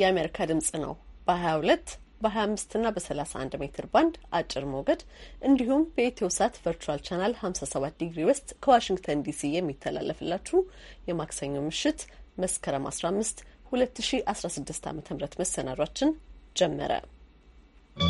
የአሜሪካ ድምጽ ነው በ22 በ25 እና በ31 ሜትር ባንድ አጭር ሞገድ እንዲሁም በኢትዮ ሳት ቨርቹዋል ቻናል 57 ዲግሪ ውስጥ ከዋሽንግተን ዲሲ የሚተላለፍላችሁ የማክሰኞ ምሽት መስከረም 15 2016 ዓ ም መሰናዷችን ጀመረ። ¶¶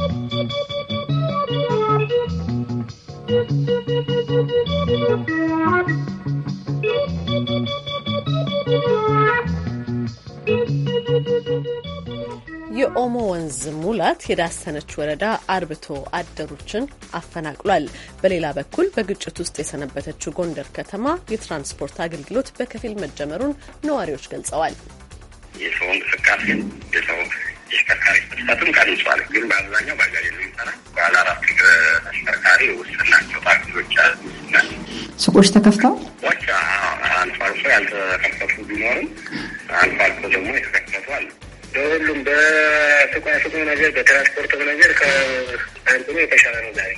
የኦሞ ወንዝ ሙላት የዳሰነች ወረዳ አርብቶ አደሮችን አፈናቅሏል። በሌላ በኩል በግጭት ውስጥ የሰነበተችው ጎንደር ከተማ የትራንስፖርት አገልግሎት በከፊል መጀመሩን ነዋሪዎች ገልጸዋል። የሰው እንቅስቃሴ የሰው ተሽከርካሪ ፍሰትም ቀንሷል። ግን በአብዛኛው ባጃጅ ነው ባለ አራት ተሽከርካሪ ውስን ናቸው። ታክሲዎች አሉ። ሱቆች ተከፍተው ዎች አልፎ አልፎ ያልተከፈቱ ቢኖርም አልፎ አልፎ ደግሞ የተከፈቱ አሉ። በሁሉም በሱቃሱቁ ነገር በትራንስፖርት ነገር ከአንትኑ የተሻለ ነው ዛሬ።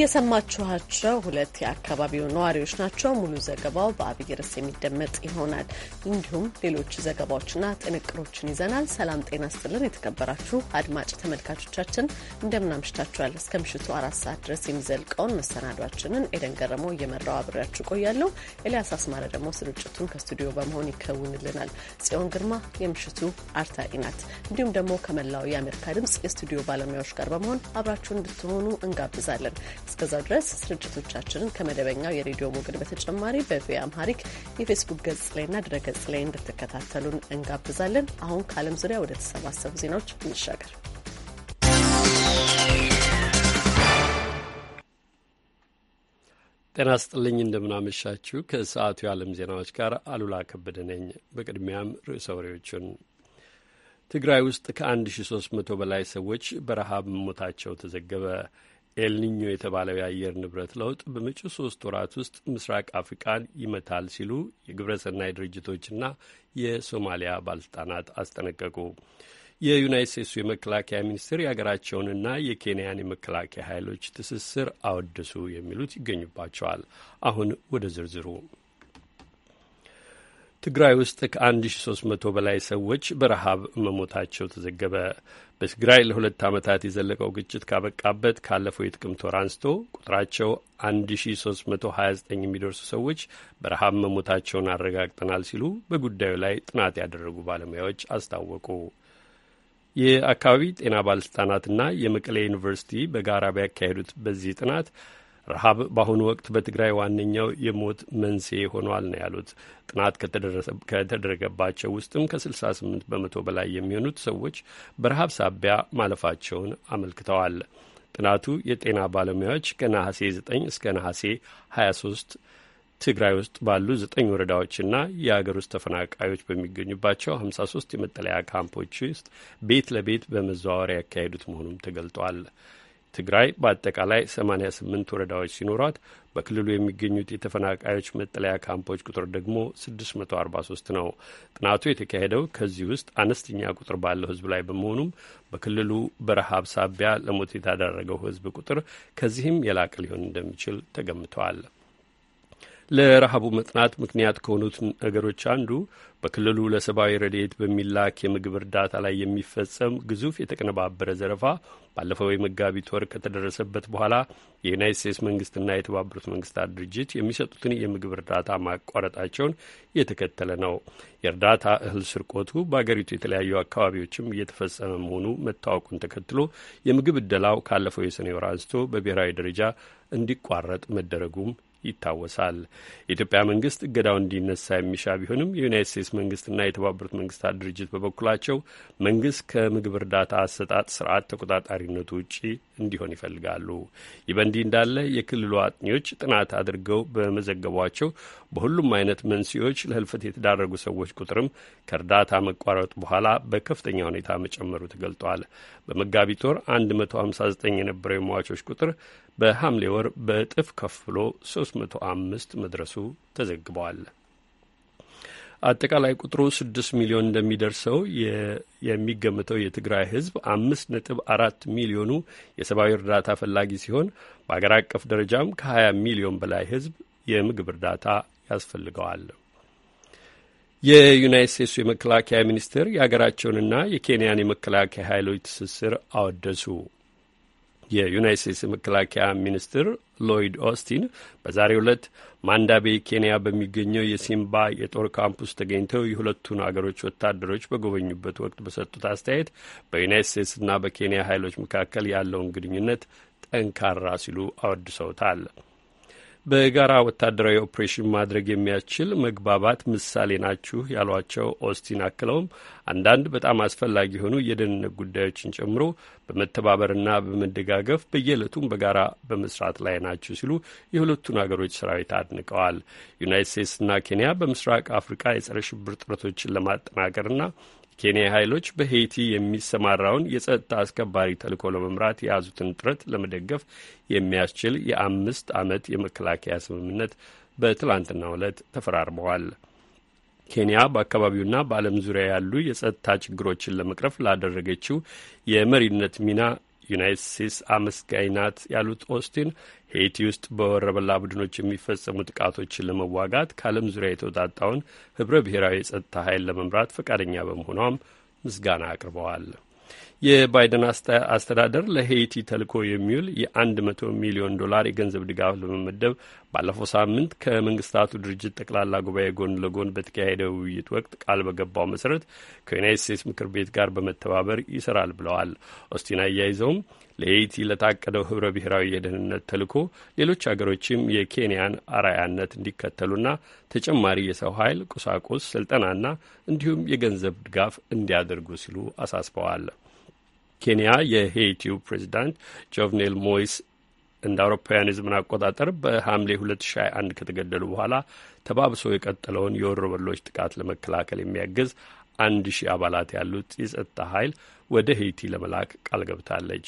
የሰማችኋቸው ሁለት የአካባቢው ነዋሪዎች ናቸው። ሙሉ ዘገባው በአብይ ርዕስ የሚደመጥ ይሆናል። እንዲሁም ሌሎች ዘገባዎችና ጥንቅሮችን ይዘናል። ሰላም ጤና ስጥልን። የተከበራችሁ አድማጭ ተመልካቾቻችን እንደምናምሽታችኋል። እስከ ምሽቱ አራት ሰዓት ድረስ የሚዘልቀውን መሰናዷችንን ኤደን ገረመው እየመራው አብሬያችሁ ቆያለሁ። ኤልያስ አስማረ ደግሞ ስርጭቱን ከስቱዲዮ በመሆን ይከውንልናል። ጽዮን ግርማ የምሽቱ አርታኢ ናት። እንዲሁም ደግሞ ከመላው የአሜሪካ ድምጽ የስቱዲዮ ባለሙያዎች ጋር በመሆን አብራችሁን እንድትሆኑ እንጋብዛለን። እስከዛው ድረስ ስርጭቶቻችንን ከመደበኛው የሬዲዮ ሞገድ በተጨማሪ በቪ አምሃሪክ የፌስቡክ ገጽ ላይና ድረ ገጽ ላይ እንድትከታተሉን እንጋብዛለን። አሁን ከዓለም ዙሪያ ወደ ተሰባሰቡ ዜናዎች እንሻገር። ጤና ስጥልኝ እንደምናመሻችሁ። ከሰዓቱ የዓለም ዜናዎች ጋር አሉላ ከበደ ነኝ። በቅድሚያም ርዕሰ ወሬዎቹን። ትግራይ ውስጥ ከ1300 በላይ ሰዎች በረሃብ መሞታቸው ተዘገበ። ኤልኒኞ የተባለው የአየር ንብረት ለውጥ በመጪው ሶስት ወራት ውስጥ ምስራቅ አፍሪቃን ይመታል ሲሉ የግብረሰናይ ድርጅቶችና የሶማሊያ ባለስልጣናት አስጠነቀቁ። የዩናይት ስቴትሱ የመከላከያ ሚኒስትር የሀገራቸውንና የኬንያን የመከላከያ ኃይሎች ትስስር አወደሱ የሚሉት ይገኙባቸዋል። አሁን ወደ ዝርዝሩ ትግራይ ውስጥ ከ1300 በላይ ሰዎች በረሃብ መሞታቸው ተዘገበ። በትግራይ ለሁለት ዓመታት የዘለቀው ግጭት ካበቃበት ካለፈው የጥቅምት ወር አንስቶ ቁጥራቸው 1329 የሚደርሱ ሰዎች በረሃብ መሞታቸውን አረጋግጠናል ሲሉ በጉዳዩ ላይ ጥናት ያደረጉ ባለሙያዎች አስታወቁ። የአካባቢ ጤና ባለስልጣናትና የመቀሌ ዩኒቨርሲቲ በጋራ ቢያካሄዱት በዚህ ጥናት ረሃብ በአሁኑ ወቅት በትግራይ ዋነኛው የሞት መንስኤ ሆኗል ነው ያሉት። ጥናት ከተደረገባቸው ውስጥም ከ68 በመቶ በላይ የሚሆኑት ሰዎች በረሃብ ሳቢያ ማለፋቸውን አመልክተዋል። ጥናቱ የጤና ባለሙያዎች ከነሐሴ 9 እስከ ነሐሴ 23 ትግራይ ውስጥ ባሉ ዘጠኝ ወረዳዎችና የአገር ውስጥ ተፈናቃዮች በሚገኙባቸው ሶስት የመጠለያ ካምፖች ውስጥ ቤት ለቤት በመዘዋወር ያካሄዱት መሆኑም ተገልጧል። ትግራይ በአጠቃላይ 88 ወረዳዎች ሲኖሯት በክልሉ የሚገኙት የተፈናቃዮች መጠለያ ካምፖች ቁጥር ደግሞ 643 ነው። ጥናቱ የተካሄደው ከዚህ ውስጥ አነስተኛ ቁጥር ባለው ሕዝብ ላይ በመሆኑም በክልሉ በረሃብ ሳቢያ ለሞት የተዳረገው ሕዝብ ቁጥር ከዚህም የላቀ ሊሆን እንደሚችል ተገምተዋል። ለረሃቡ መጥናት ምክንያት ከሆኑት ነገሮች አንዱ በክልሉ ለሰብአዊ ረድኤት በሚላክ የምግብ እርዳታ ላይ የሚፈጸም ግዙፍ የተቀነባበረ ዘረፋ ባለፈው የመጋቢት ወር ከተደረሰበት በኋላ የዩናይት ስቴትስ መንግስትና የተባበሩት መንግስታት ድርጅት የሚሰጡትን የምግብ እርዳታ ማቋረጣቸውን እየተከተለ ነው። የእርዳታ እህል ስርቆቱ በአገሪቱ የተለያዩ አካባቢዎችም እየተፈጸመ መሆኑ መታወቁን ተከትሎ የምግብ እደላው ካለፈው የሰኔ ወር አንስቶ በብሔራዊ ደረጃ እንዲቋረጥ መደረጉም ይታወሳል። የኢትዮጵያ መንግስት እገዳው እንዲነሳ የሚሻ ቢሆንም የዩናይት ስቴትስ መንግስትና የተባበሩት መንግስታት ድርጅት በበኩላቸው መንግስት ከምግብ እርዳታ አሰጣጥ ስርዓት ተቆጣጣሪነቱ ውጪ እንዲሆን ይፈልጋሉ። ይህ በእንዲህ እንዳለ የክልሉ አጥኚዎች ጥናት አድርገው በመዘገቧቸው በሁሉም አይነት መንስኤዎች ለህልፈት የተዳረጉ ሰዎች ቁጥርም ከእርዳታ መቋረጥ በኋላ በከፍተኛ ሁኔታ መጨመሩ ተገልጧል። በመጋቢት ወር 159 የነበረው የሟቾች ቁጥር በሐምሌ ወር በእጥፍ ከፍ ብሎ 305 መድረሱ ተዘግበዋል። አጠቃላይ ቁጥሩ ስድስት ሚሊዮን እንደሚደርሰው የሚገምተው የትግራይ ህዝብ አምስት ነጥብ አራት ሚሊዮኑ የሰብአዊ እርዳታ ፈላጊ ሲሆን በአገር አቀፍ ደረጃም ከሀያ ሚሊዮን በላይ ህዝብ የምግብ እርዳታ ያስፈልገዋል። የዩናይት ስቴትሱ የመከላከያ ሚኒስቴር የሀገራቸውንና የኬንያን የመከላከያ ኃይሎች ትስስር አወደሱ። የዩናይት ስቴትስ መከላከያ ሚኒስትር ሎይድ ኦስቲን በዛሬው ዕለት ማንዳቤ ኬንያ በሚገኘው የሲምባ የጦር ካምፕስ ተገኝተው የሁለቱን አገሮች ወታደሮች በጎበኙበት ወቅት በሰጡት አስተያየት በዩናይት ስቴትስና በኬንያ ኃይሎች መካከል ያለውን ግንኙነት ጠንካራ ሲሉ አወድሰውታል። በጋራ ወታደራዊ ኦፕሬሽን ማድረግ የሚያስችል መግባባት ምሳሌ ናችሁ ያሏቸው ኦስቲን አክለውም አንዳንድ በጣም አስፈላጊ የሆኑ የደህንነት ጉዳዮችን ጨምሮ በመተባበርና በመደጋገፍ በየዕለቱም በጋራ በመስራት ላይ ናቸው ሲሉ የሁለቱን አገሮች ሰራዊት አድንቀዋል። ዩናይት ስቴትስና ኬንያ በምስራቅ አፍሪካ የጸረ ሽብር ጥረቶችን ለማጠናከርና ኬንያ ኃይሎች በሄይቲ የሚሰማራውን የጸጥታ አስከባሪ ተልኮ ለመምራት የያዙትን ጥረት ለመደገፍ የሚያስችል የአምስት ዓመት የመከላከያ ስምምነት በትላንትናው ዕለት ተፈራርመዋል። ኬንያ በአካባቢውና በዓለም ዙሪያ ያሉ የጸጥታ ችግሮችን ለመቅረፍ ላደረገችው የመሪነት ሚና ዩናይትድ ስቴትስ አመስጋኝ ናት ያሉት ኦስቲን ሄይቲ ውስጥ በወረበላ ቡድኖች የሚፈጸሙ ጥቃቶችን ለመዋጋት ከዓለም ዙሪያ የተወጣጣውን ህብረ ብሔራዊ የጸጥታ ኃይል ለመምራት ፈቃደኛ በመሆኗም ምስጋና አቅርበዋል። የባይደን አስተዳደር ለሄይቲ ተልኮ የሚውል የ100 ሚሊዮን ዶላር የገንዘብ ድጋፍ ለመመደብ ባለፈው ሳምንት ከመንግስታቱ ድርጅት ጠቅላላ ጉባኤ ጎን ለጎን በተካሄደ ውይይት ወቅት ቃል በገባው መሰረት ከዩናይት ስቴትስ ምክር ቤት ጋር በመተባበር ይሰራል ብለዋል። ኦስቲን አያይዘውም ለሄይቲ ለታቀደው ህብረ ብሔራዊ የደህንነት ተልኮ ሌሎች አገሮችም የኬንያን አራያነት እንዲከተሉና ተጨማሪ የሰው ኃይል፣ ቁሳቁስ፣ ስልጠናና እንዲሁም የገንዘብ ድጋፍ እንዲያደርጉ ሲሉ አሳስበዋል። ኬንያ የሄይቲው ፕሬዚዳንት ጆቭኔል ሞይስ እንደ አውሮፓውያን የዘመን አቆጣጠር በሐምሌ 2021 ከተገደሉ በኋላ ተባብሶ የቀጠለውን የወሮበሎች ጥቃት ለመከላከል የሚያግዝ አንድ ሺህ አባላት ያሉት የጸጥታ ኃይል ወደ ሄይቲ ለመላክ ቃል ገብታለች።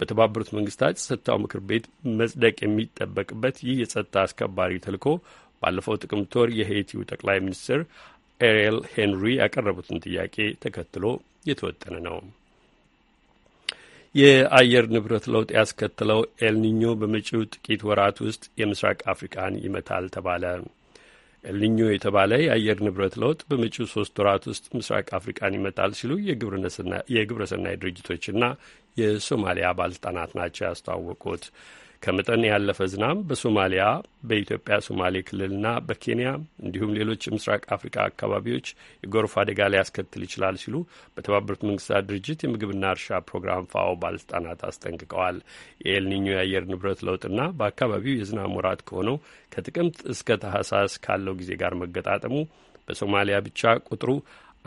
በተባበሩት መንግስታት የጸጥታው ምክር ቤት መጽደቅ የሚጠበቅበት ይህ የጸጥታ አስከባሪ ተልኮ ባለፈው ጥቅምት ወር የሄይቲው ጠቅላይ ሚኒስትር ኤሪል ሄንሪ ያቀረቡትን ጥያቄ ተከትሎ የተወጠነ ነው። የአየር ንብረት ለውጥ ያስከተለው ኤልኒኞ በመጪው ጥቂት ወራት ውስጥ የምስራቅ አፍሪካን ይመታል ተባለ። ኤልኒኞ የተባለ የአየር ንብረት ለውጥ በመጪው ሶስት ወራት ውስጥ ምስራቅ አፍሪካን ይመጣል ሲሉ የግብረሰናይ ድርጅቶችና የሶማሊያ ባለስልጣናት ናቸው ያስተዋወቁት። ከመጠን ያለፈ ዝናብ በሶማሊያ በኢትዮጵያ ሶማሌ ክልልና በኬንያ እንዲሁም ሌሎች የምስራቅ አፍሪካ አካባቢዎች የጎርፍ አደጋ ሊያስከትል ይችላል ሲሉ በተባበሩት መንግስታት ድርጅት የምግብና እርሻ ፕሮግራም ፋኦ ባለስልጣናት አስጠንቅቀዋል። የኤልኒኞ የአየር ንብረት ለውጥና በአካባቢው የዝናብ ወራት ከሆነው ከጥቅምት እስከ ታህሳስ ካለው ጊዜ ጋር መገጣጠሙ በሶማሊያ ብቻ ቁጥሩ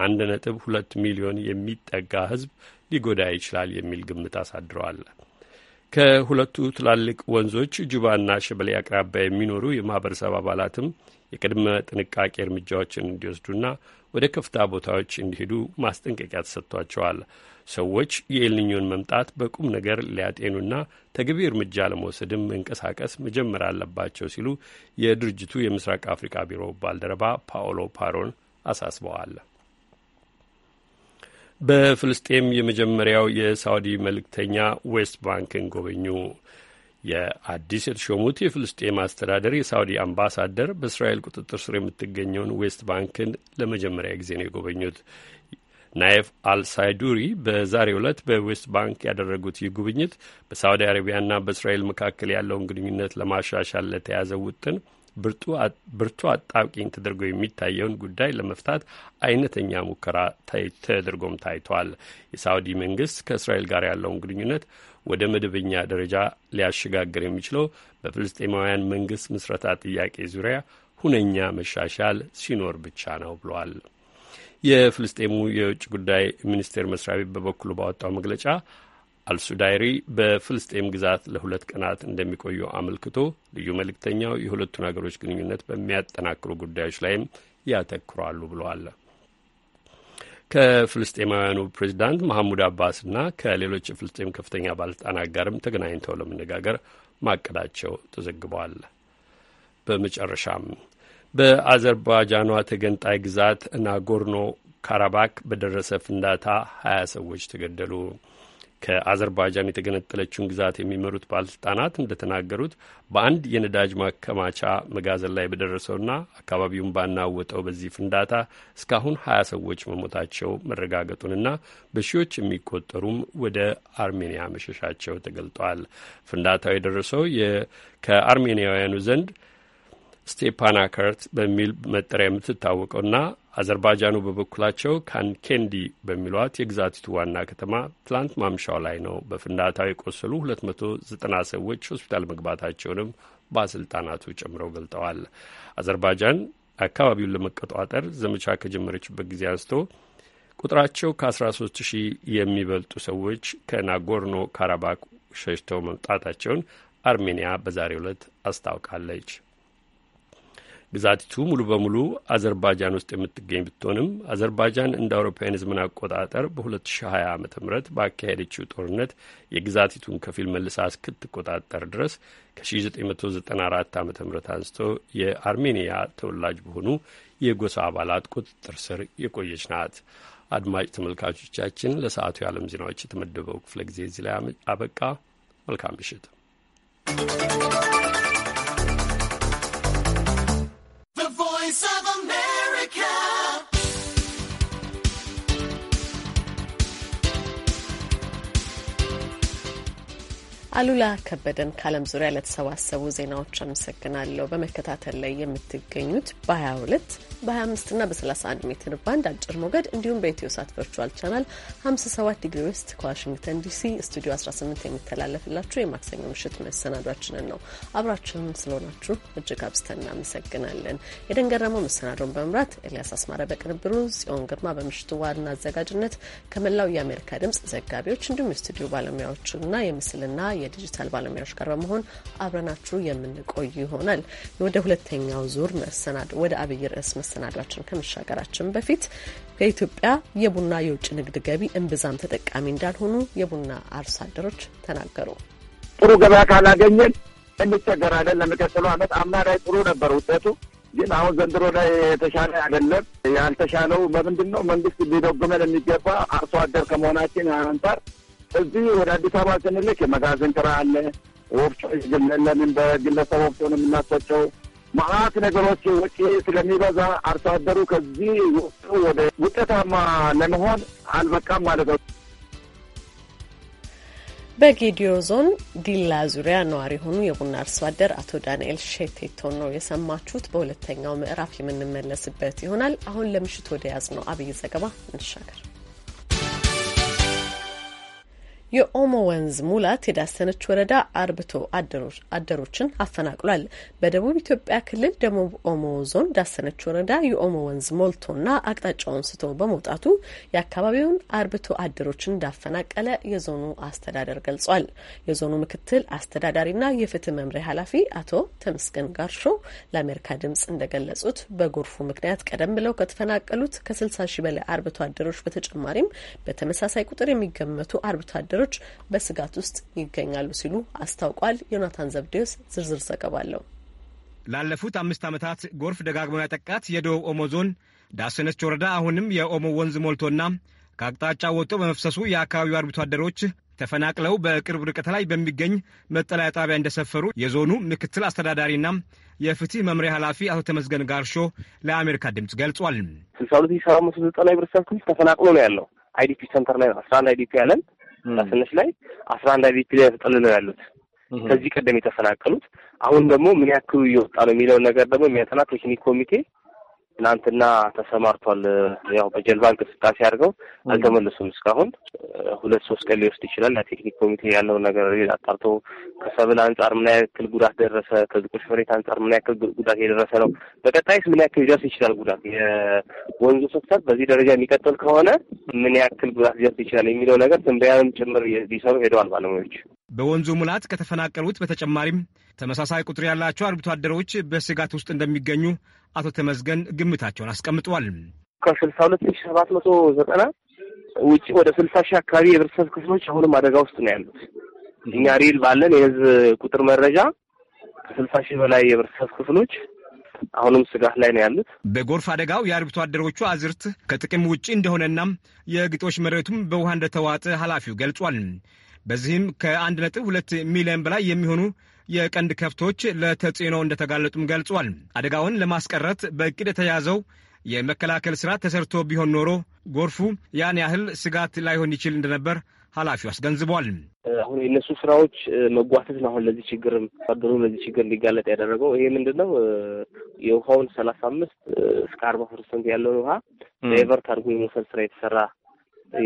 አንድ ነጥብ ሁለት ሚሊዮን የሚጠጋ ህዝብ ሊጎዳ ይችላል የሚል ግምት አሳድረዋል። ከሁለቱ ትላልቅ ወንዞች ጁባና ሸበሌ አቅራቢያ የሚኖሩ የማህበረሰብ አባላትም የቅድመ ጥንቃቄ እርምጃዎችን እንዲወስዱና ወደ ከፍታ ቦታዎች እንዲሄዱ ማስጠንቀቂያ ተሰጥቷቸዋል። ሰዎች የኤልኒኞን መምጣት በቁም ነገር ሊያጤኑና ተገቢ እርምጃ ለመውሰድም መንቀሳቀስ መጀመር አለባቸው ሲሉ የድርጅቱ የምስራቅ አፍሪካ ቢሮ ባልደረባ ፓኦሎ ፓሮን አሳስበዋል። በፍልስጤም የመጀመሪያው የሳውዲ መልእክተኛ ዌስት ባንክን ጎበኙ። የአዲስ የተሾሙት የፍልስጤም አስተዳደር የሳውዲ አምባሳደር በእስራኤል ቁጥጥር ስር የምትገኘውን ዌስት ባንክን ለመጀመሪያ ጊዜ ነው የጎበኙት። ናይፍ አልሳይዱሪ በዛሬ ዕለት በዌስት ባንክ ያደረጉት ይህ ጉብኝት በሳውዲ አረቢያና በእስራኤል መካከል ያለውን ግንኙነት ለማሻሻል ለተያዘ ውጥን ብርቱ አጣብቂኝ ተደርጎ የሚታየውን ጉዳይ ለመፍታት አይነተኛ ሙከራ ተደርጎም ታይቷል። የሳውዲ መንግስት ከእስራኤል ጋር ያለውን ግንኙነት ወደ መደበኛ ደረጃ ሊያሸጋግር የሚችለው በፍልስጤማውያን መንግስት ምስረታ ጥያቄ ዙሪያ ሁነኛ መሻሻል ሲኖር ብቻ ነው ብሏል። የፍልስጤሙ የውጭ ጉዳይ ሚኒስቴር መስሪያ ቤት በበኩሉ ባወጣው መግለጫ አልሱዳይሪ በፍልስጤም ግዛት ለሁለት ቀናት እንደሚቆዩ አመልክቶ ልዩ መልእክተኛው የሁለቱን ሀገሮች ግንኙነት በሚያጠናክሩ ጉዳዮች ላይም ያተኩራሉ ብለዋል። ከፍልስጤማውያኑ ፕሬዚዳንት መሐሙድ አባስና ከሌሎች የፍልስጤም ከፍተኛ ባለስልጣናት ጋርም ተገናኝተው ለመነጋገር ማቀዳቸው ተዘግበዋል። በመጨረሻም በአዘርባጃኗ ተገንጣይ ግዛት ናጎርኖ ካራባክ በደረሰ ፍንዳታ ሀያ ሰዎች ተገደሉ። ከአዘርባጃን የተገነጠለችውን ግዛት የሚመሩት ባለስልጣናት እንደተናገሩት በአንድ የነዳጅ ማከማቻ መጋዘን ላይ በደረሰውና አካባቢውን ባናወጠው በዚህ ፍንዳታ እስካሁን ሀያ ሰዎች መሞታቸው መረጋገጡንና በሺዎች የሚቆጠሩም ወደ አርሜኒያ መሸሻቸው ተገልጧል። ፍንዳታው የደረሰው ከአርሜኒያውያኑ ዘንድ ስቴፓናከርት በሚል መጠሪያ የምትታወቀውና አዘርባጃኑ በበኩላቸው ካንኬንዲ በሚሏት የግዛቲቱ ዋና ከተማ ትላንት ማምሻው ላይ ነው በፍንዳታው የቆሰሉ 290 ሰዎች ሆስፒታል መግባታቸውንም ባለስልጣናቱ ጨምረው ገልጠዋል። አዘርባጃን አካባቢውን ለመቆጣጠር ዘመቻ ከጀመረችበት ጊዜ አንስቶ ቁጥራቸው ከ13 ሺህ የሚበልጡ ሰዎች ከናጎርኖ ካራባክ ሸሽተው መምጣታቸውን አርሜኒያ በዛሬው ዕለት አስታውቃለች። ግዛቲቱ ሙሉ በሙሉ አዘርባጃን ውስጥ የምትገኝ ብትሆንም አዘርባጃን እንደ አውሮፓውያን ህዝብን አቆጣጠር በ2020 ዓ ም ባካሄደችው ጦርነት የግዛቲቱን ከፊል መልሳ እስክትቆጣጠር ድረስ ከ1994 ዓ ም አንስቶ የአርሜኒያ ተወላጅ በሆኑ የጎሳ አባላት ቁጥጥር ስር የቆየች ናት። አድማጭ ተመልካቾቻችን ለሰዓቱ የዓለም ዜናዎች የተመደበው ክፍለ ጊዜ እዚህ ላይ አበቃ። መልካም ምሽት። አሉላ ከበደን ከዓለም ዙሪያ ለተሰባሰቡ ዜናዎች አመሰግናለሁ። በመከታተል ላይ የምትገኙት በ22 25 እና በ31 ሜትር ባንድ አጭር ሞገድ እንዲሁም በኢትዮ ሳት ቨርቹዋል ቻናል 57 ዲግሪ ውስጥ ከዋሽንግተን ዲሲ ስቱዲዮ 18 የሚተላለፍላችሁ የማክሰኞ ምሽት መሰናዷችንን ነው። አብራችሁን ስለሆናችሁ እጅግ አብዝተን እናመሰግናለን። የደንገረመው መሰናዶን በመምራት ኤልያስ አስማረ፣ በቅንብሩ ጽዮን ግርማ፣ በምሽቱ ዋና አዘጋጅነት ከመላው የአሜሪካ ድምጽ ዘጋቢዎች እንዲሁም የስቱዲዮ ባለሙያዎችና የምስልና የዲጂታል ባለሙያዎች ጋር በመሆን አብረናችሁ የምንቆይ ይሆናል። ወደ ሁለተኛው ዙር መሰናዶ ወደ አብይ ርዕስ መሰናዷችን ከመሻገራችን በፊት ከኢትዮጵያ የቡና የውጭ ንግድ ገቢ እምብዛም ተጠቃሚ እንዳልሆኑ የቡና አርሶ አደሮች ተናገሩ። ጥሩ ገበያ ካላገኘን እንቸገራለን። ለሚቀጥለው ዓመት አምና ላይ ጥሩ ነበር ውጤቱ ግን አሁን ዘንድሮ ላይ የተሻለ አይደለም። ያልተሻለው በምንድን ነው? መንግስት ሊደጉመን የሚገባ አርሶ አደር ከመሆናችን አንጻር እዚህ ወደ አዲስ አበባ ስንልክ የመጋዘን ክራ አለ፣ ወፍጮ ለምን በግለሰብ ወፍጮ ነው የምናስፈጨው? መአት ነገሮች ወጪ ስለሚበዛ አርሶ አደሩ ከዚህ ወፍጮ ወደ ውጤታማ ለመሆን አልበቃም ማለት ነው። በጌዲዮ ዞን ዲላ ዙሪያ ነዋሪ የሆኑ የቡና አርሶ አደር አቶ ዳንኤል ሼቴቶን ነው የሰማችሁት። በሁለተኛው ምዕራፍ የምንመለስበት ይሆናል። አሁን ለምሽት ወደ ያዝ ነው አብይ ዘገባ እንሻገር። የኦሞ ወንዝ ሙላት የዳሰነች ወረዳ አርብቶ አደሮችን አፈናቅሏል። በደቡብ ኢትዮጵያ ክልል ደቡብ ኦሞ ዞን ዳሰነች ወረዳ የኦሞ ወንዝ ሞልቶና አቅጣጫውን ስቶ በመውጣቱ የአካባቢውን አርብቶ አደሮችን እንዳፈናቀለ የዞኑ አስተዳደር ገልጿል። የዞኑ ምክትል አስተዳዳሪና የፍትህ መምሪያ ኃላፊ አቶ ተመስገን ጋርሾ ለአሜሪካ ድምጽ እንደገለጹት በጎርፉ ምክንያት ቀደም ብለው ከተፈናቀሉት ከ60 ሺ በላይ አርብቶ አደሮች በተጨማሪም በተመሳሳይ ቁጥር የሚገመቱ አርብቶ አደሮች ነዋሪዎች በስጋት ውስጥ ይገኛሉ ሲሉ አስታውቋል። ዮናታን ዘብዴዎስ ዝርዝር ዘገባ አለው። ላለፉት አምስት ዓመታት ጎርፍ ደጋግሞ ያጠቃት የደቡብ ኦሞ ዞን ዳሰነች ወረዳ አሁንም የኦሞ ወንዝ ሞልቶና ከአቅጣጫ ወጥቶ በመፍሰሱ የአካባቢው አርብቶ አደሮች ተፈናቅለው በቅርብ ርቀት ላይ በሚገኝ መጠለያ ጣቢያ እንደሰፈሩ የዞኑ ምክትል አስተዳዳሪና የፍትህ መምሪያ ኃላፊ አቶ ተመስገን ጋርሾ ለአሜሪካ ድምፅ ገልጿል። ስልሳ ሁለት ሺ ሰባት መቶ ዘጠና ህብረተሰብ ክፍል ተፈናቅሎ ነው ያለው። አይዲፒ ሰንተር ላይ ነው አስራ አንድ አይዲፒ ያለን አስነሽ ላይ አስራ አንድ አይዲፒ ላይ ተጠል ነው ያሉት ከዚህ ቀደም የተፈናቀሉት አሁን ደግሞ ምን ያክሉ እየወጣ ነው የሚለውን ነገር ደግሞ የሚያጠና ቴክኒክ ኮሚቴ ትናንትና ተሰማርቷል። ያው በጀልባ እንቅስቃሴ አድርገው አልተመለሱም። እስካሁን ሁለት ሶስት ቀን ሊወስድ ይችላል። ለቴክኒክ ኮሚቴ ያለው ነገር አጣርቶ ከሰብል አንጻር ምን ያክል ጉዳት ደረሰ፣ ከዝቁሽ መሬት አንጻር ምን ያክል ጉዳት የደረሰ ነው፣ በቀጣይስ ምን ያክል ሊደርስ ይችላል ጉዳት፣ የወንዙ ፍሰት በዚህ ደረጃ የሚቀጥል ከሆነ ምን ያክል ጉዳት ሊደርስ ይችላል የሚለው ነገር ትንበያንም ጭምር ሊሰሩ ሄደዋል ባለሙያዎች። በወንዙ ሙላት ከተፈናቀሉት በተጨማሪም ተመሳሳይ ቁጥር ያላቸው አርብቶ አደሮች በስጋት ውስጥ እንደሚገኙ አቶ ተመዝገን ግምታቸውን አስቀምጠዋል። ከስልሳ ሁለት ሺ ሰባት መቶ ዘጠና ውጭ ወደ ስልሳ ሺህ አካባቢ የህብረተሰብ ክፍሎች አሁንም አደጋ ውስጥ ነው ያሉት። እኛ ሪል ባለን የህዝብ ቁጥር መረጃ ከስልሳ ሺህ በላይ የህብረተሰብ ክፍሎች አሁንም ስጋት ላይ ነው ያሉት። በጎርፍ አደጋው የአርብቶ አደሮቹ አዝርት ከጥቅም ውጭ እንደሆነና የግጦሽ መሬቱም በውሃ እንደተዋጠ ኃላፊው ገልጿል። በዚህም ከ1.2 ሚሊዮን በላይ የሚሆኑ የቀንድ ከብቶች ለተጽዕኖ እንደተጋለጡም ገልጿል። አደጋውን ለማስቀረት በእቅድ የተያዘው የመከላከል ሥራ ተሰርቶ ቢሆን ኖሮ ጎርፉ ያን ያህል ስጋት ላይሆን ይችል እንደነበር ኃላፊው አስገንዝቧል። አሁን የእነሱ ስራዎች መጓተት አሁን ለዚህ ችግር ቀድሮ ለዚህ ችግር እንዲጋለጥ ያደረገው ይሄ ምንድን ነው? የውሃውን ሰላሳ አምስት እስከ አርባ ፐርሰንት ያለውን ውሃ ዳይቨርት አድርጎ የመውሰድ ስራ የተሰራ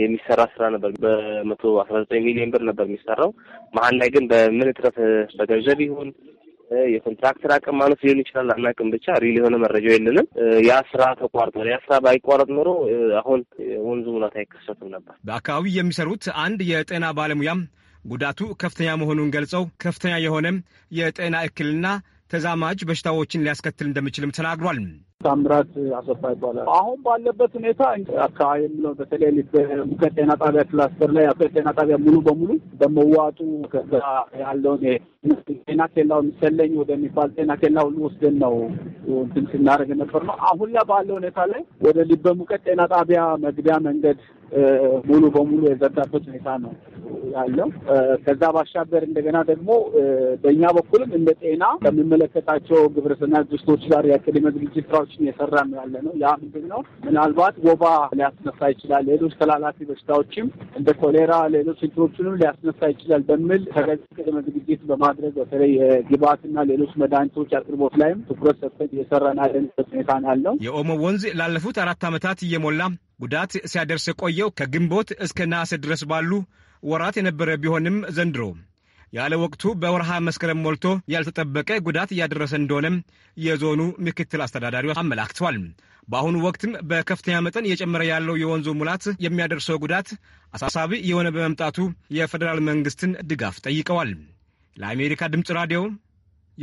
የሚሰራ ስራ ነበር። በመቶ አስራ ዘጠኝ ሚሊዮን ብር ነበር የሚሰራው። መሀል ላይ ግን በምን እጥረት በገንዘብ ይሁን የኮንትራክተር አቅም ማለት ሊሆን ይችላል፣ አናውቅም። ብቻ ሪል የሆነ መረጃ የለንም። ያ ስራ ተቋርጧል። ያ ስራ ባይቋረጥ ኖሮ አሁን ወንዙ ሙላት አይከሰትም ነበር። በአካባቢ የሚሰሩት አንድ የጤና ባለሙያም ጉዳቱ ከፍተኛ መሆኑን ገልጸው ከፍተኛ የሆነም የጤና እክልና ተዛማጅ በሽታዎችን ሊያስከትል እንደሚችልም ተናግሯል። ታምራት አሰፋ ይባላል። አሁን ባለበት ሁኔታ አካባቢ የምለው በተለይ ከጤና ጣቢያ ክላስተር ላይ ከጤና ጣቢያ ሙሉ በሙሉ በመዋጡ ከዛ ያለውን ጤና ኬላው ሰለኝ ወደሚባል ጤና ኬላው ወስደን ነው እንትን ስናደርግ ነበር ነው። አሁን ላይ ባለ ሁኔታ ላይ ወደ ልበ ሙቀት ጤና ጣቢያ መግቢያ መንገድ ሙሉ በሙሉ የዘጋበት ሁኔታ ነው ያለው። ከዛ ባሻገር እንደገና ደግሞ በእኛ በኩልም እንደ ጤና ከሚመለከታቸው ግብረሰናይ ድርጅቶች ጋር የቅድመ ዝግጅት ስራዎችን የሰራ ነው ያለ ነው። ያ ምንድን ነው ምናልባት ወባ ሊያስነሳ ይችላል፣ ሌሎች ተላላፊ በሽታዎችም እንደ ኮሌራ፣ ሌሎች እንትኖችንም ሊያስነሳ ይችላል በሚል ከቅድመ ዝግጅት በማ በማድረግ በተለይ የግብአትና ሌሎች መድኃኒቶች አቅርቦት ላይም ትኩረት ሰጥተን እየሰራን ያለንበት ሁኔታ አለው። የኦሞ ወንዝ ላለፉት አራት ዓመታት እየሞላ ጉዳት ሲያደርስ የቆየው ከግንቦት እስከ ነሐሴ ድረስ ባሉ ወራት የነበረ ቢሆንም ዘንድሮ ያለ ወቅቱ በወርሃ መስከረም ሞልቶ ያልተጠበቀ ጉዳት እያደረሰ እንደሆነም የዞኑ ምክትል አስተዳዳሪ አመላክተዋል። በአሁኑ ወቅትም በከፍተኛ መጠን እየጨመረ ያለው የወንዙ ሙላት የሚያደርሰው ጉዳት አሳሳቢ የሆነ በመምጣቱ የፌዴራል መንግስትን ድጋፍ ጠይቀዋል። ለአሜሪካ ድምፅ ራዲዮ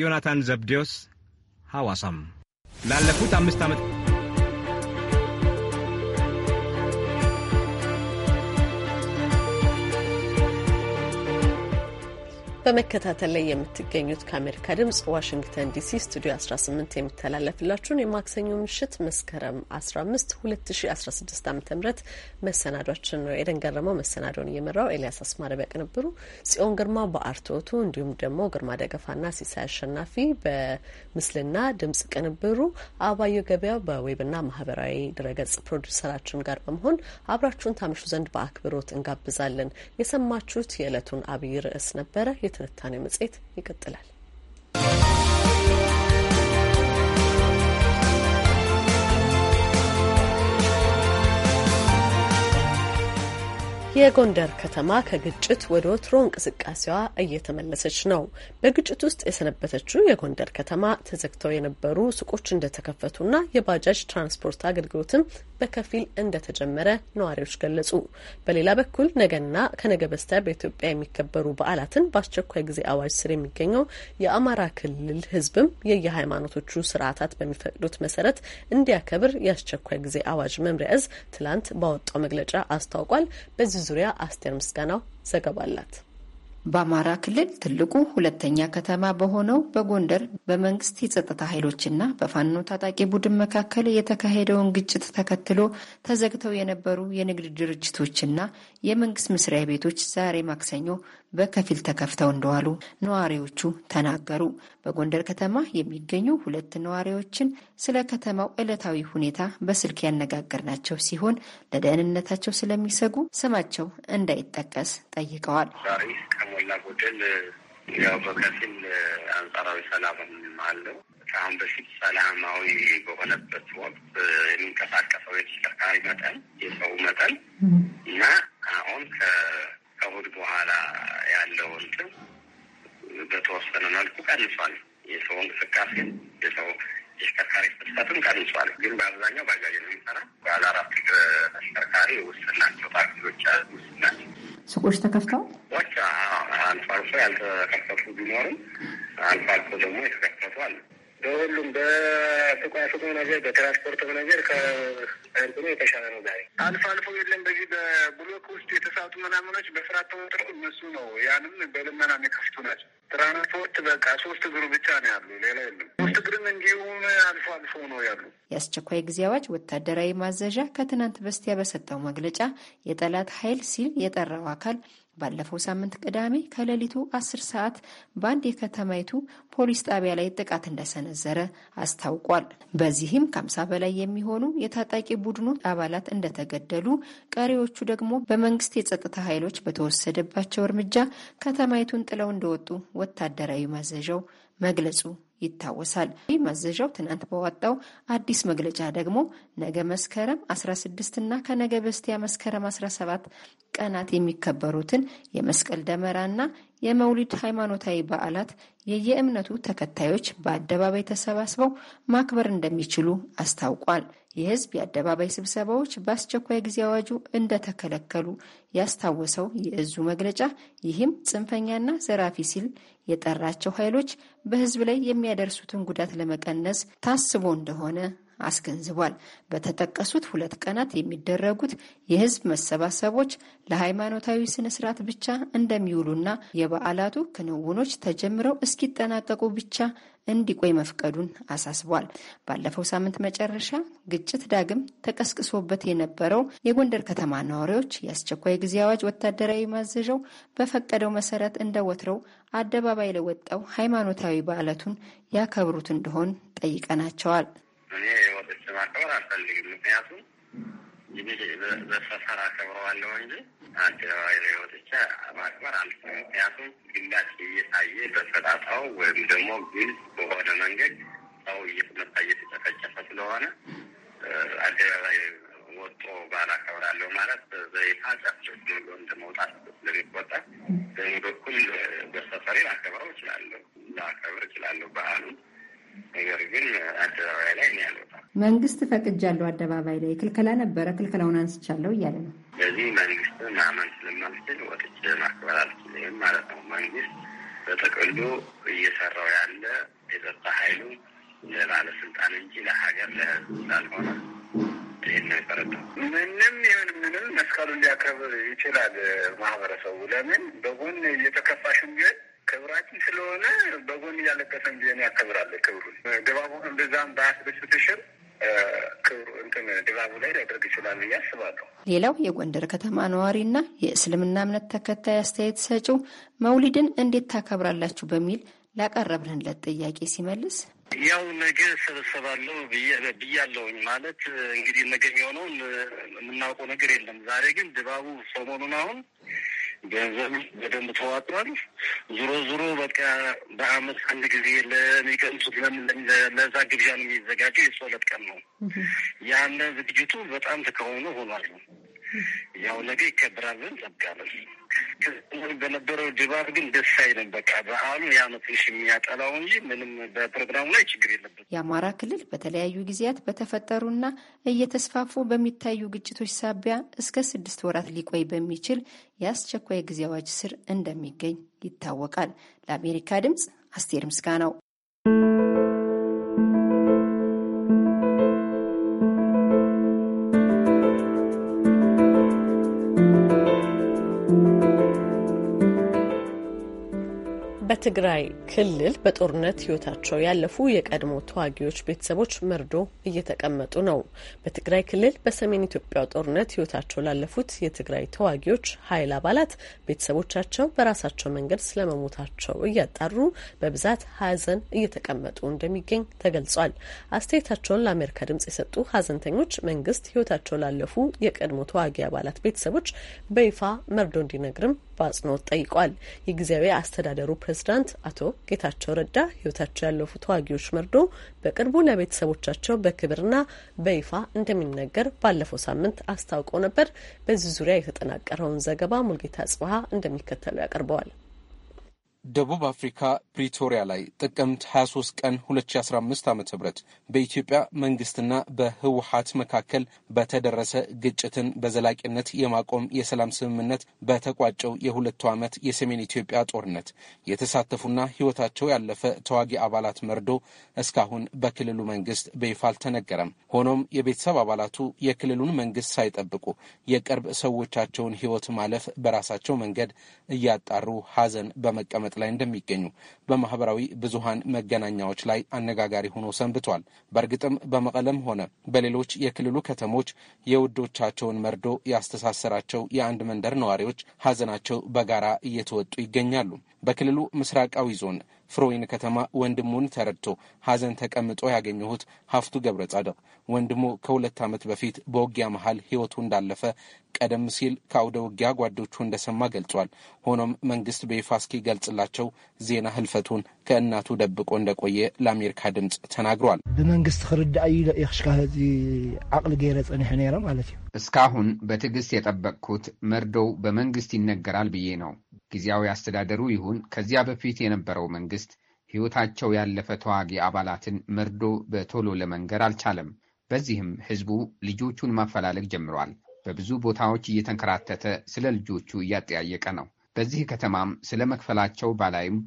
ዮናታን ዘብዴዎስ ሐዋሳም ላለፉት አምስት ዓመት በመከታተል ላይ የምትገኙት ከአሜሪካ ድምጽ ዋሽንግተን ዲሲ ስቱዲዮ 18 የሚተላለፍላችሁን የማክሰኞ ምሽት መስከረም 15 2016 ዓ ም መሰናዷችን ነው። ኤደን ገረመው መሰናዶውን እየመራው፣ ኤልያስ አስማረ በቅንብሩ፣ ጽዮን ግርማ በአርቶቱ እንዲሁም ደግሞ ግርማ ደገፋና ሲሳይ አሸናፊ በምስልና ድምጽ ቅንብሩ፣ አባዮ ገበያው በዌብና ማህበራዊ ድረገጽ ፕሮዲሰራችን ጋር በመሆን አብራችሁን ታምሹ ዘንድ በአክብሮት እንጋብዛለን። የሰማችሁት የዕለቱን አብይ ርዕስ ነበረ። የትንታኔው መጽሔት ይቀጥላል። የጎንደር ከተማ ከግጭት ወደ ወትሮ እንቅስቃሴዋ እየተመለሰች ነው። በግጭት ውስጥ የሰነበተችው የጎንደር ከተማ ተዘግተው የነበሩ ሱቆች እንደተከፈቱና የባጃጅ ትራንስፖርት አገልግሎትም በከፊል እንደተጀመረ ነዋሪዎች ገለጹ። በሌላ በኩል ነገና ከነገ በስቲያ በኢትዮጵያ የሚከበሩ በዓላትን በአስቸኳይ ጊዜ አዋጅ ስር የሚገኘው የአማራ ክልል ሕዝብም የየሃይማኖቶቹ ስርዓታት በሚፈቅዱት መሰረት እንዲያከብር የአስቸኳይ ጊዜ አዋጅ መምሪያ እዝ ትላንት ባወጣው መግለጫ አስታውቋል። በዚህ በዚህ ዙሪያ አስቴር ምስጋናው ዘገባ አላት። በአማራ ክልል ትልቁ ሁለተኛ ከተማ በሆነው በጎንደር በመንግስት የጸጥታ ኃይሎችና በፋኖ ታጣቂ ቡድን መካከል የተካሄደውን ግጭት ተከትሎ ተዘግተው የነበሩ የንግድ ድርጅቶችና የመንግስት መስሪያ ቤቶች ዛሬ ማክሰኞ በከፊል ተከፍተው እንደዋሉ ነዋሪዎቹ ተናገሩ። በጎንደር ከተማ የሚገኙ ሁለት ነዋሪዎችን ስለ ከተማው ዕለታዊ ሁኔታ በስልክ ያነጋገርናቸው ሲሆን ለደህንነታቸው ስለሚሰጉ ስማቸው እንዳይጠቀስ ጠይቀዋል። ዛሬ ከሞላ ጎደል ያው በከፊል አንጻራዊ ሰላምም አለው። ከአሁን በፊት ሰላማዊ በሆነበት ወቅት የሚንቀሳቀሰው የተሽከርካሪ መጠን፣ የሰው መጠን እና አሁን ከእሑድ በኋላ ያለው እንትን በተወሰነ መልኩ ቀንሷል። የሰው እንቅስቃሴ የሰው ተሽከርካሪ ፍሰትም ቀንሷል። ግን በአብዛኛው ባጃጅ ነው የሚሰራ። ባለ አራት እግር ተሽከርካሪ ውስን ናቸው፣ ታክሲዎች ውስን ናቸው። ሱቆች ተከፍተው ዋቻ አልፎ አልፎ ያልተከፈቱ ቢኖርም አልፎ አልፎ ደግሞ የተከፈቱ አሉ። በሁሉም በጥቋሱቁ ነገር በትራንስፖርትም ነገር ከእንትኑ የተሻለ ነው። ዛሬ አልፎ አልፎ የለም በዚህ በብሎክ ውስጥ የተሳቱ ምናምኖች በስርዓት ተወጥረው እነሱ ነው ያንም በልመና የሚከፍቱ ናቸው። ትራንስፖርት በቃ ሶስት እግሩ ብቻ ነው ያሉ፣ ሌላ የለም። ሶስት እግርም እንዲሁም አልፎ አልፎ ነው ያሉ። የአስቸኳይ ጊዜ አዋጅ ወታደራዊ ማዘዣ ከትናንት በስቲያ በሰጠው መግለጫ የጠላት ኃይል ሲል የጠራው አካል ባለፈው ሳምንት ቅዳሜ ከሌሊቱ አስር ሰዓት በአንድ የከተማይቱ ፖሊስ ጣቢያ ላይ ጥቃት እንደሰነዘረ አስታውቋል። በዚህም ከአምሳ በላይ የሚሆኑ የታጣቂ ቡድኑ አባላት እንደተገደሉ፣ ቀሪዎቹ ደግሞ በመንግስት የጸጥታ ኃይሎች በተወሰደባቸው እርምጃ ከተማይቱን ጥለው እንደወጡ ወታደራዊ ማዘዣው መግለጹ ይታወሳል። ማዘዣው ትናንት በወጣው አዲስ መግለጫ ደግሞ ነገ መስከረም 16 እና ከነገ በስቲያ መስከረም 17 ቀናት የሚከበሩትን የመስቀል ደመራና የመውሊድ ሃይማኖታዊ በዓላት የየእምነቱ ተከታዮች በአደባባይ ተሰባስበው ማክበር እንደሚችሉ አስታውቋል። የህዝብ የአደባባይ ስብሰባዎች በአስቸኳይ ጊዜ አዋጁ እንደተከለከሉ ያስታወሰው የእዙ መግለጫ ይህም ጽንፈኛና ዘራፊ ሲል የጠራቸው ኃይሎች በህዝብ ላይ የሚያደርሱትን ጉዳት ለመቀነስ ታስቦ እንደሆነ አስገንዝቧል። በተጠቀሱት ሁለት ቀናት የሚደረጉት የህዝብ መሰባሰቦች ለሃይማኖታዊ ስነስርዓት ብቻ እንደሚውሉና የበዓላቱ ክንውኖች ተጀምረው እስኪጠናቀቁ ብቻ እንዲቆይ መፍቀዱን አሳስቧል። ባለፈው ሳምንት መጨረሻ ግጭት ዳግም ተቀስቅሶበት የነበረው የጎንደር ከተማ ነዋሪዎች የአስቸኳይ ጊዜ አዋጅ ወታደራዊ ማዘዣው በፈቀደው መሰረት እንደ ወትረው አደባባይ ለወጣው ሃይማኖታዊ በዓላቱን ያከብሩት እንደሆን ጠይቀናቸዋል። እኔ ወጥቼ ማክበር አልፈልግም። ምክንያቱም እንግዲህ በሰፈር አከብረዋለሁ እንጂ አደባባይ ላይ ወጥቼ ማክበር አልፈልግም። ምክንያቱም ግላጭ እየታየ በሰጣጣው ወይም ደግሞ ግልጽ በሆነ መንገድ ሰው እየተመታ እየተጨፈጨፈ ስለሆነ አደባባይ ወጦ በዓል አከብራለሁ ማለት በይፋ ጨፍጭፍ እንደ እንደመውጣት ስለሚቆጠር በእኔ በኩል በሰፈሬ ላከብረው እችላለሁ ላከብር እችላለሁ በዓሉን ነገር ግን አደባባይ ላይ ያለ ያለው። መንግስት ፈቅጃለሁ አደባባይ ላይ ክልከላ ነበረ፣ ክልከላውን አንስቻለሁ እያለ ነው። ስለዚህ መንግስት ማመን ስለማልችል ወጥቼ ማክበር አልችልም ማለት ነው። መንግስት በጠቅሉ እየሰራው ያለ የጸጥታ ኃይሉ ለባለስልጣን እንጂ ለሀገር ለህዝብ እንዳልሆነ ምንም ይሁን ምንም መስቀሉ ሊያከብር ይችላል ማህበረሰቡ። ለምን በጎን እየተከፋሽ ቢሆን ክብራችን ስለሆነ በጎን እያለቀሰን ቢሆን ያከብራለ ክብሩን ድባቡ እንደዛም በአስበስትሽር ክብሩ እንትን ድባቡ ላይ ሊያደርግ ይችላል ብዬ አስባለሁ። ሌላው የጎንደር ከተማ ነዋሪና የእስልምና እምነት ተከታይ አስተያየት ሰጪው መውሊድን እንዴት ታከብራላችሁ በሚል ላቀረብንለት ጥያቄ ሲመልስ ያው ነገ ሰበሰባለሁ ብያለሁኝ። ማለት እንግዲህ ነገ የሚሆነውን የምናውቀው ነገር የለም። ዛሬ ግን ድባቡ ሰሞኑን አሁን ገንዘብ በደንብ ተዋጧል። ዞሮ ዞሮ በቃ በአመት አንድ ጊዜ ለሚቀምሱት ለዛ ግብዣ ነው የሚዘጋጀው። የጸሎት ቀን ነው። ያነ ዝግጅቱ በጣም ተከውኖ ሆኗል። ያው ነገ ይከበራል ብለን ጠብቃለን። በነበረው ድባብ ግን ደስ አይልም። በቃ በዓሉ የአመትሽ የሚያጠላው እንጂ ምንም በፕሮግራሙ ላይ ችግር የለበት። የአማራ ክልል በተለያዩ ጊዜያት በተፈጠሩና እየተስፋፉ በሚታዩ ግጭቶች ሳቢያ እስከ ስድስት ወራት ሊቆይ በሚችል የአስቸኳይ ጊዜ አዋጅ ስር እንደሚገኝ ይታወቃል። ለአሜሪካ ድምፅ አስቴር ምስጋ ምስጋናው በትግራይ ክልል በጦርነት ህይወታቸው ያለፉ የቀድሞ ተዋጊዎች ቤተሰቦች መርዶ እየተቀመጡ ነው። በትግራይ ክልል በሰሜን ኢትዮጵያ ጦርነት ህይወታቸው ላለፉት የትግራይ ተዋጊዎች ኃይል አባላት ቤተሰቦቻቸው በራሳቸው መንገድ ስለመሞታቸው እያጣሩ በብዛት ሀዘን እየተቀመጡ እንደሚገኝ ተገልጿል። አስተያየታቸውን ለአሜሪካ ድምጽ የሰጡ ሀዘንተኞች መንግስት ህይወታቸው ላለፉ የቀድሞ ተዋጊ አባላት ቤተሰቦች በይፋ መርዶ እንዲነግርም በአጽንኦት ጠይቋል። የጊዜያዊ አስተዳደሩ ፕሬዝዳንት አቶ ጌታቸው ረዳ ህይወታቸው ያለፉ ተዋጊዎች መርዶ በቅርቡ ለቤተሰቦቻቸው በክብርና በይፋ እንደሚነገር ባለፈው ሳምንት አስታውቀው ነበር። በዚህ ዙሪያ የተጠናቀረውን ዘገባ ሙልጌታ ጽብሀ እንደሚከተሉ ያቀርበዋል። ደቡብ አፍሪካ ፕሪቶሪያ ላይ ጥቅምት 23 ቀን 2015 ዓ ም በኢትዮጵያ መንግስትና በህወሀት መካከል በተደረሰ ግጭትን በዘላቂነት የማቆም የሰላም ስምምነት በተቋጨው የሁለቱ ዓመት የሰሜን ኢትዮጵያ ጦርነት የተሳተፉና ህይወታቸው ያለፈ ተዋጊ አባላት መርዶ እስካሁን በክልሉ መንግስት በይፋ አልተነገረም። ሆኖም የቤተሰብ አባላቱ የክልሉን መንግስት ሳይጠብቁ የቅርብ ሰዎቻቸውን ህይወት ማለፍ በራሳቸው መንገድ እያጣሩ ሀዘን በመቀመጥ በመጋለጥ ላይ እንደሚገኙ በማህበራዊ ብዙሃን መገናኛዎች ላይ አነጋጋሪ ሆኖ ሰንብቷል። በእርግጥም በመቀለም ሆነ በሌሎች የክልሉ ከተሞች የውዶቻቸውን መርዶ ያስተሳሰራቸው የአንድ መንደር ነዋሪዎች ሀዘናቸው በጋራ እየተወጡ ይገኛሉ። በክልሉ ምስራቃዊ ዞን ፍሮይን ከተማ ወንድሙን ተረድቶ ሀዘን ተቀምጦ ያገኘሁት ሀፍቱ ገብረ ጻድቅ ወንድሙ ከሁለት ዓመት በፊት በውጊያ መሃል ህይወቱ እንዳለፈ ቀደም ሲል ከአውደ ውጊያ ጓዶቹ እንደሰማ ገልጿል። ሆኖም መንግስት በይፋ እስኪገልጽላቸው ዜና ህልፈቱን ከእናቱ ደብቆ እንደቆየ ለአሜሪካ ድምፅ ተናግሯል። ብመንግስት ክርዳእ እዩ ኢክሽካ ዓቅሊ ገይረ ፀኒሐ ነይረ ማለት እዩ። እስካሁን በትዕግስት የጠበቅኩት መርዶው በመንግስት ይነገራል ብዬ ነው። ጊዜያዊ አስተዳደሩ ይሁን ከዚያ በፊት የነበረው መንግስት ህይወታቸው ያለፈ ተዋጊ አባላትን መርዶ በቶሎ ለመንገር አልቻለም። በዚህም ህዝቡ ልጆቹን ማፈላለግ ጀምሯል። በብዙ ቦታዎች እየተንከራተተ ስለ ልጆቹ እያጠያየቀ ነው። በዚህ ከተማም ስለ መክፈላቸው ባላይም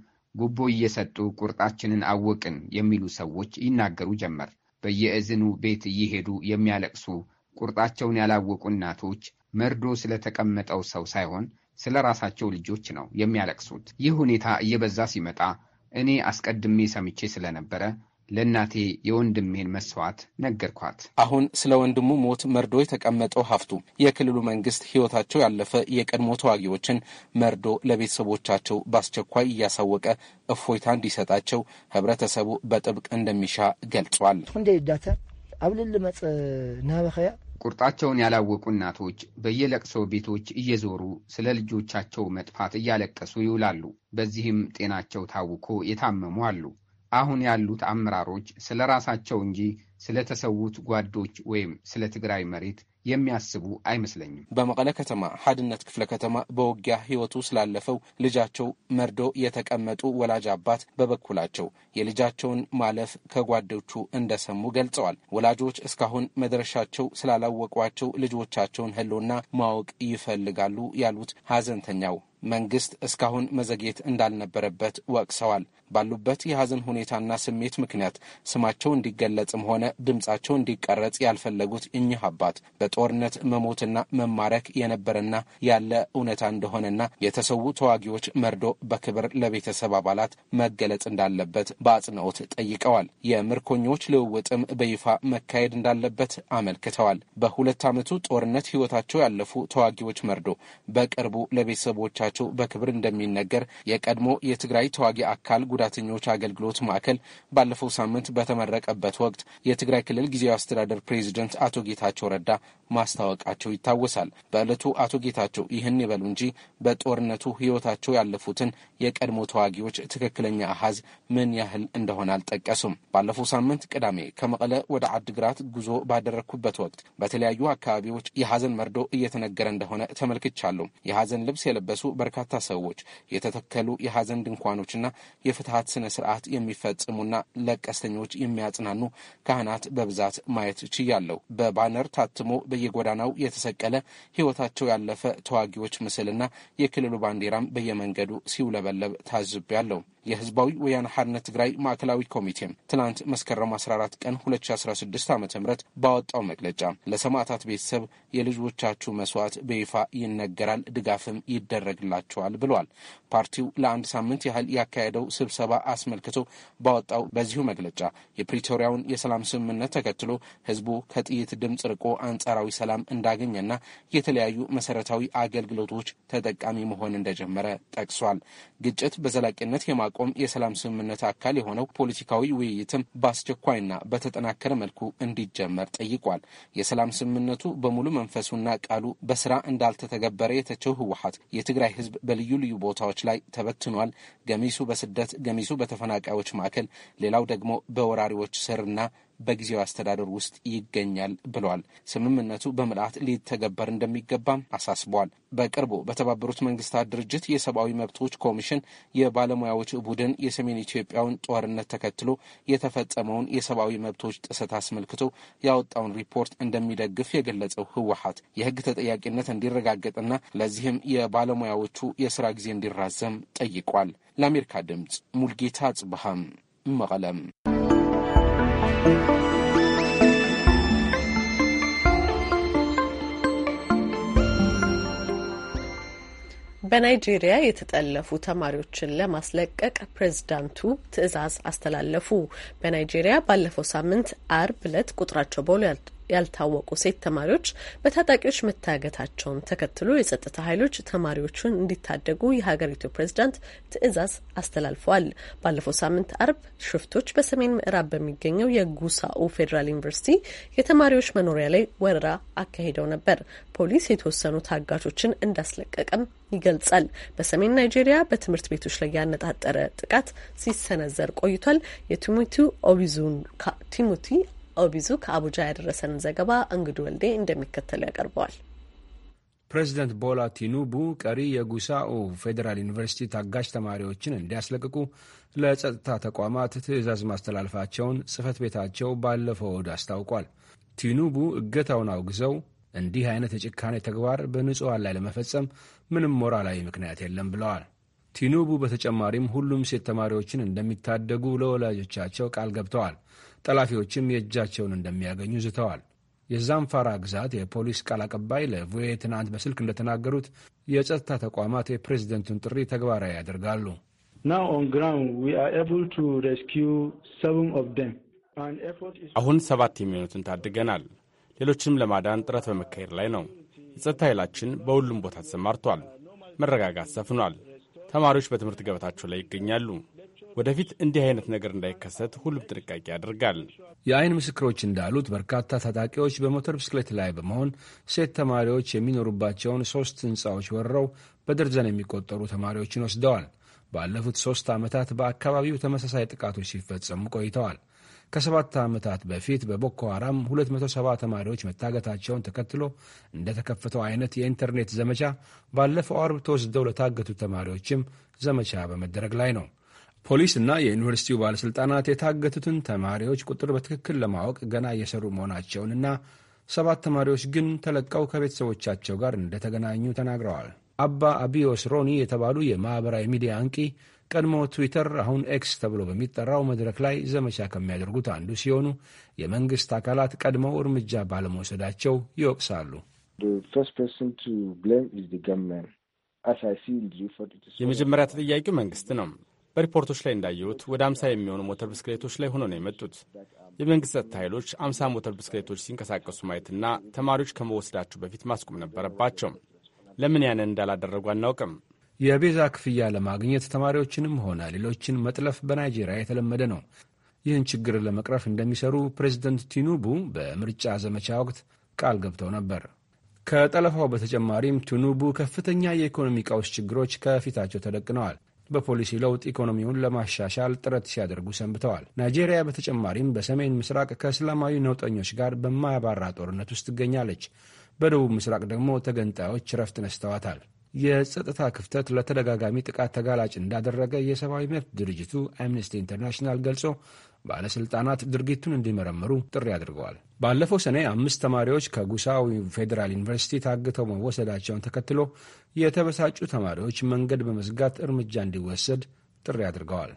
ጉቦ እየሰጡ ቁርጣችንን አወቅን የሚሉ ሰዎች ይናገሩ ጀመር። በየእዝኑ ቤት እየሄዱ የሚያለቅሱ ቁርጣቸውን ያላወቁ እናቶች መርዶ ስለተቀመጠው ሰው ሳይሆን ስለ ራሳቸው ልጆች ነው የሚያለቅሱት። ይህ ሁኔታ እየበዛ ሲመጣ እኔ አስቀድሜ ሰምቼ ስለነበረ ለእናቴ የወንድሜን መስዋዕት ነገርኳት። አሁን ስለ ወንድሙ ሞት መርዶ የተቀመጠው ሀፍቱ የክልሉ መንግስት ህይወታቸው ያለፈ የቀድሞ ተዋጊዎችን መርዶ ለቤተሰቦቻቸው በአስቸኳይ እያሳወቀ እፎይታ እንዲሰጣቸው ህብረተሰቡ በጥብቅ እንደሚሻ ገልጿል። ቁርጣቸውን ያላወቁ እናቶች በየለቅሶ ቤቶች እየዞሩ ስለ ልጆቻቸው መጥፋት እያለቀሱ ይውላሉ። በዚህም ጤናቸው ታውኮ የታመሙ አሉ። አሁን ያሉት አመራሮች ስለ ራሳቸው እንጂ ስለተሰዉት ጓዶች ወይም ስለ ትግራይ መሬት የሚያስቡ አይመስለኝም። በመቀለ ከተማ ሀድነት ክፍለ ከተማ በውጊያ ህይወቱ ስላለፈው ልጃቸው መርዶ የተቀመጡ ወላጅ አባት በበኩላቸው የልጃቸውን ማለፍ ከጓዶቹ እንደሰሙ ገልጸዋል። ወላጆች እስካሁን መድረሻቸው ስላላወቋቸው ልጆቻቸውን ህሎና ማወቅ ይፈልጋሉ ያሉት ሀዘንተኛው መንግስት እስካሁን መዘግየት እንዳልነበረበት ወቅሰዋል። ባሉበት የሀዘን ሁኔታና ስሜት ምክንያት ስማቸው እንዲገለጽም ሆነ ድምጻቸው እንዲቀረጽ ያልፈለጉት እኚህ አባት በጦርነት መሞትና መማረክ የነበረና ያለ እውነታ እንደሆነና የተሰዉ ተዋጊዎች መርዶ በክብር ለቤተሰብ አባላት መገለጽ እንዳለበት በአጽንኦት ጠይቀዋል። የምርኮኞች ልውውጥም በይፋ መካሄድ እንዳለበት አመልክተዋል። በሁለት ዓመቱ ጦርነት ህይወታቸው ያለፉ ተዋጊዎች መርዶ በቅርቡ ለቤተሰቦቻቸው በክብር እንደሚነገር የቀድሞ የትግራይ ተዋጊ አካል ጉዳ ጉዳተኞች አገልግሎት ማዕከል ባለፈው ሳምንት በተመረቀበት ወቅት የትግራይ ክልል ጊዜያዊ አስተዳደር ፕሬዚደንት አቶ ጌታቸው ረዳ ማስታወቃቸው ይታወሳል። በዕለቱ አቶ ጌታቸው ይህን ይበሉ እንጂ በጦርነቱ ሕይወታቸው ያለፉትን የቀድሞ ተዋጊዎች ትክክለኛ አሃዝ ምን ያህል እንደሆነ አልጠቀሱም። ባለፈው ሳምንት ቅዳሜ ከመቀለ ወደ አድግራት ጉዞ ባደረግኩበት ወቅት በተለያዩ አካባቢዎች የሐዘን መርዶ እየተነገረ እንደሆነ ተመልክቻለሁ። የሐዘን ልብስ የለበሱ በርካታ ሰዎች፣ የተተከሉ የሐዘን ድንኳኖችና የፍ የፍትሐት ስነ ስርዓት የሚፈጽሙና ለቀስተኞች የሚያጽናኑ ካህናት በብዛት ማየት ችያለሁ። በባነር ታትሞ በየጎዳናው የተሰቀለ ህይወታቸው ያለፈ ተዋጊዎች ምስልና የክልሉ ባንዲራም በየመንገዱ ሲውለበለብ ታዝቤያለሁ። የህዝባዊ ወያነ ሓርነት ትግራይ ማዕከላዊ ኮሚቴ ትናንት መስከረም 14 ቀን 2016 ዓ ም ባወጣው መግለጫ ለሰማዕታት ቤተሰብ የልጆቻችሁ መስዋዕት በይፋ ይነገራል፣ ድጋፍም ይደረግላቸዋል ብሏል። ፓርቲው ለአንድ ሳምንት ያህል ያካሄደው ስብሰባ አስመልክቶ ባወጣው በዚሁ መግለጫ የፕሪቶሪያውን የሰላም ስምምነት ተከትሎ ህዝቡ ከጥይት ድምፅ ርቆ አንጻራዊ ሰላም እንዳገኘና የተለያዩ መሰረታዊ አገልግሎቶች ተጠቃሚ መሆን እንደጀመረ ጠቅሷል። ግጭት በዘላቂነት የማ የማቆም የሰላም ስምምነት አካል የሆነው ፖለቲካዊ ውይይትም በአስቸኳይና በተጠናከረ መልኩ እንዲጀመር ጠይቋል። የሰላም ስምምነቱ በሙሉ መንፈሱና ቃሉ በስራ እንዳልተተገበረ የተቸው ህወሀት የትግራይ ህዝብ በልዩ ልዩ ቦታዎች ላይ ተበትኗል፣ ገሚሱ በስደት ገሚሱ በተፈናቃዮች ማዕከል፣ ሌላው ደግሞ በወራሪዎች ስርና በጊዜያዊ አስተዳደር ውስጥ ይገኛል ብለዋል። ስምምነቱ በምልአት ሊተገበር እንደሚገባም አሳስበዋል። በቅርቡ በተባበሩት መንግስታት ድርጅት የሰብአዊ መብቶች ኮሚሽን የባለሙያዎች ቡድን የሰሜን ኢትዮጵያውን ጦርነት ተከትሎ የተፈጸመውን የሰብአዊ መብቶች ጥሰት አስመልክቶ ያወጣውን ሪፖርት እንደሚደግፍ የገለጸው ህወሀት የህግ ተጠያቂነት እንዲረጋገጥና ለዚህም የባለሙያዎቹ የስራ ጊዜ እንዲራዘም ጠይቋል። ለአሜሪካ ድምጽ ሙልጌታ አጽብሃም መቀለም በናይጄሪያ የተጠለፉ ተማሪዎችን ለማስለቀቅ ፕሬዝዳንቱ ትዕዛዝ አስተላለፉ። በናይጄሪያ ባለፈው ሳምንት አርብ ዕለት ቁጥራቸው በሁለት ያልታወቁ ሴት ተማሪዎች በታጣቂዎች መታገታቸውን ተከትሎ የጸጥታ ኃይሎች ተማሪዎቹን እንዲታደጉ የሀገሪቱ ፕሬዝዳንት ትዕዛዝ አስተላልፈዋል። ባለፈው ሳምንት አርብ ሽፍቶች በሰሜን ምዕራብ በሚገኘው የጉሳኡ ፌዴራል ዩኒቨርሲቲ የተማሪዎች መኖሪያ ላይ ወረራ አካሂደው ነበር። ፖሊስ የተወሰኑ ታጋቾችን እንዳስለቀቀም ይገልጻል። በሰሜን ናይጄሪያ በትምህርት ቤቶች ላይ ያነጣጠረ ጥቃት ሲሰነዘር ቆይቷል። የቲሞቲ ኦቢዙን ቲሞቲ ኦቢዙ ከአቡጃ ያደረሰንን ዘገባ እንግዱ ወልዴ እንደሚከተለው ያቀርበዋል። ፕሬዚደንት ቦላ ቲኑቡ ቀሪ የጉሳኡ ፌዴራል ዩኒቨርሲቲ ታጋሽ ተማሪዎችን እንዲያስለቅቁ ለጸጥታ ተቋማት ትዕዛዝ ማስተላለፋቸውን ጽህፈት ቤታቸው ባለፈው እሁድ አስታውቋል። ቲኑቡ እገታውን አውግዘው እንዲህ አይነት የጭካኔ ተግባር በንጹሐን ላይ ለመፈጸም ምንም ሞራላዊ ምክንያት የለም ብለዋል። ቲኑቡ በተጨማሪም ሁሉም ሴት ተማሪዎችን እንደሚታደጉ ለወላጆቻቸው ቃል ገብተዋል። ጠላፊዎችም የእጃቸውን እንደሚያገኙ ዝተዋል። የዛምፋራ ግዛት የፖሊስ ቃል አቀባይ ለቪኦኤ ትናንት በስልክ እንደተናገሩት የጸጥታ ተቋማት የፕሬዝደንቱን ጥሪ ተግባራዊ ያደርጋሉ። አሁን ሰባት የሚሆኑትን ታድገናል። ሌሎችንም ለማዳን ጥረት በመካሄድ ላይ ነው። የጸጥታ ኃይላችን በሁሉም ቦታ ተሰማርቷል። መረጋጋት ሰፍኗል። ተማሪዎች በትምህርት ገበታቸው ላይ ይገኛሉ። ወደፊት እንዲህ አይነት ነገር እንዳይከሰት ሁሉም ጥንቃቄ ያደርጋል። የአይን ምስክሮች እንዳሉት በርካታ ታጣቂዎች በሞተር ብስክሌት ላይ በመሆን ሴት ተማሪዎች የሚኖሩባቸውን ሶስት ህንፃዎች ወርረው በደርዘን የሚቆጠሩ ተማሪዎችን ወስደዋል። ባለፉት ሶስት ዓመታት በአካባቢው ተመሳሳይ ጥቃቶች ሲፈጸሙ ቆይተዋል። ከሰባት ዓመታት በፊት በቦኮ ሐራም 270 ተማሪዎች መታገታቸውን ተከትሎ እንደተከፈተው አይነት የኢንተርኔት ዘመቻ ባለፈው አርብ ተወስደው ለታገቱ ተማሪዎችም ዘመቻ በመደረግ ላይ ነው። ፖሊስና የዩኒቨርሲቲው ባለሥልጣናት የታገቱትን ተማሪዎች ቁጥር በትክክል ለማወቅ ገና እየሰሩ መሆናቸውንና ሰባት ተማሪዎች ግን ተለቀው ከቤተሰቦቻቸው ጋር እንደተገናኙ ተናግረዋል። አባ አቢዮስ ሮኒ የተባሉ የማኅበራዊ ሚዲያ አንቂ ቀድሞ ትዊተር አሁን ኤክስ ተብሎ በሚጠራው መድረክ ላይ ዘመቻ ከሚያደርጉት አንዱ ሲሆኑ የመንግሥት አካላት ቀድመው እርምጃ ባለመውሰዳቸው ይወቅሳሉ። የመጀመሪያ ተጠያቂው መንግሥት ነው። በሪፖርቶች ላይ እንዳየሁት ወደ አምሳ የሚሆኑ ሞተር ብስክሌቶች ላይ ሆነው ነው የመጡት። የመንግሥት ጸጥታ ኃይሎች አምሳ ሞተር ብስክሌቶች ሲንቀሳቀሱ ማየትና ተማሪዎች ከመወስዳቸው በፊት ማስቆም ነበረባቸው። ለምን ያንን እንዳላደረጉ አናውቅም። የቤዛ ክፍያ ለማግኘት ተማሪዎችንም ሆነ ሌሎችን መጥለፍ በናይጄሪያ የተለመደ ነው። ይህን ችግር ለመቅረፍ እንደሚሰሩ ፕሬዚደንት ቲኑቡ በምርጫ ዘመቻ ወቅት ቃል ገብተው ነበር። ከጠለፋው በተጨማሪም ቲኑቡ ከፍተኛ የኢኮኖሚ ቀውስ ችግሮች ከፊታቸው ተደቅነዋል። በፖሊሲ ለውጥ ኢኮኖሚውን ለማሻሻል ጥረት ሲያደርጉ ሰንብተዋል። ናይጄሪያ በተጨማሪም በሰሜን ምስራቅ ከእስላማዊ ነውጠኞች ጋር በማያባራ ጦርነት ውስጥ ትገኛለች። በደቡብ ምስራቅ ደግሞ ተገንጣዮች ረፍት ነስተዋታል። የጸጥታ ክፍተት ለተደጋጋሚ ጥቃት ተጋላጭ እንዳደረገ የሰብአዊ መብት ድርጅቱ አምነስቲ ኢንተርናሽናል ገልጾ ባለሥልጣናት ድርጊቱን እንዲመረምሩ ጥሪ አድርገዋል። ባለፈው ሰኔ አምስት ተማሪዎች ከጉሳዊ ፌዴራል ዩኒቨርሲቲ ታግተው መወሰዳቸውን ተከትሎ የተበሳጩ ተማሪዎች መንገድ በመዝጋት እርምጃ እንዲወሰድ ጥሪ አድርገዋል።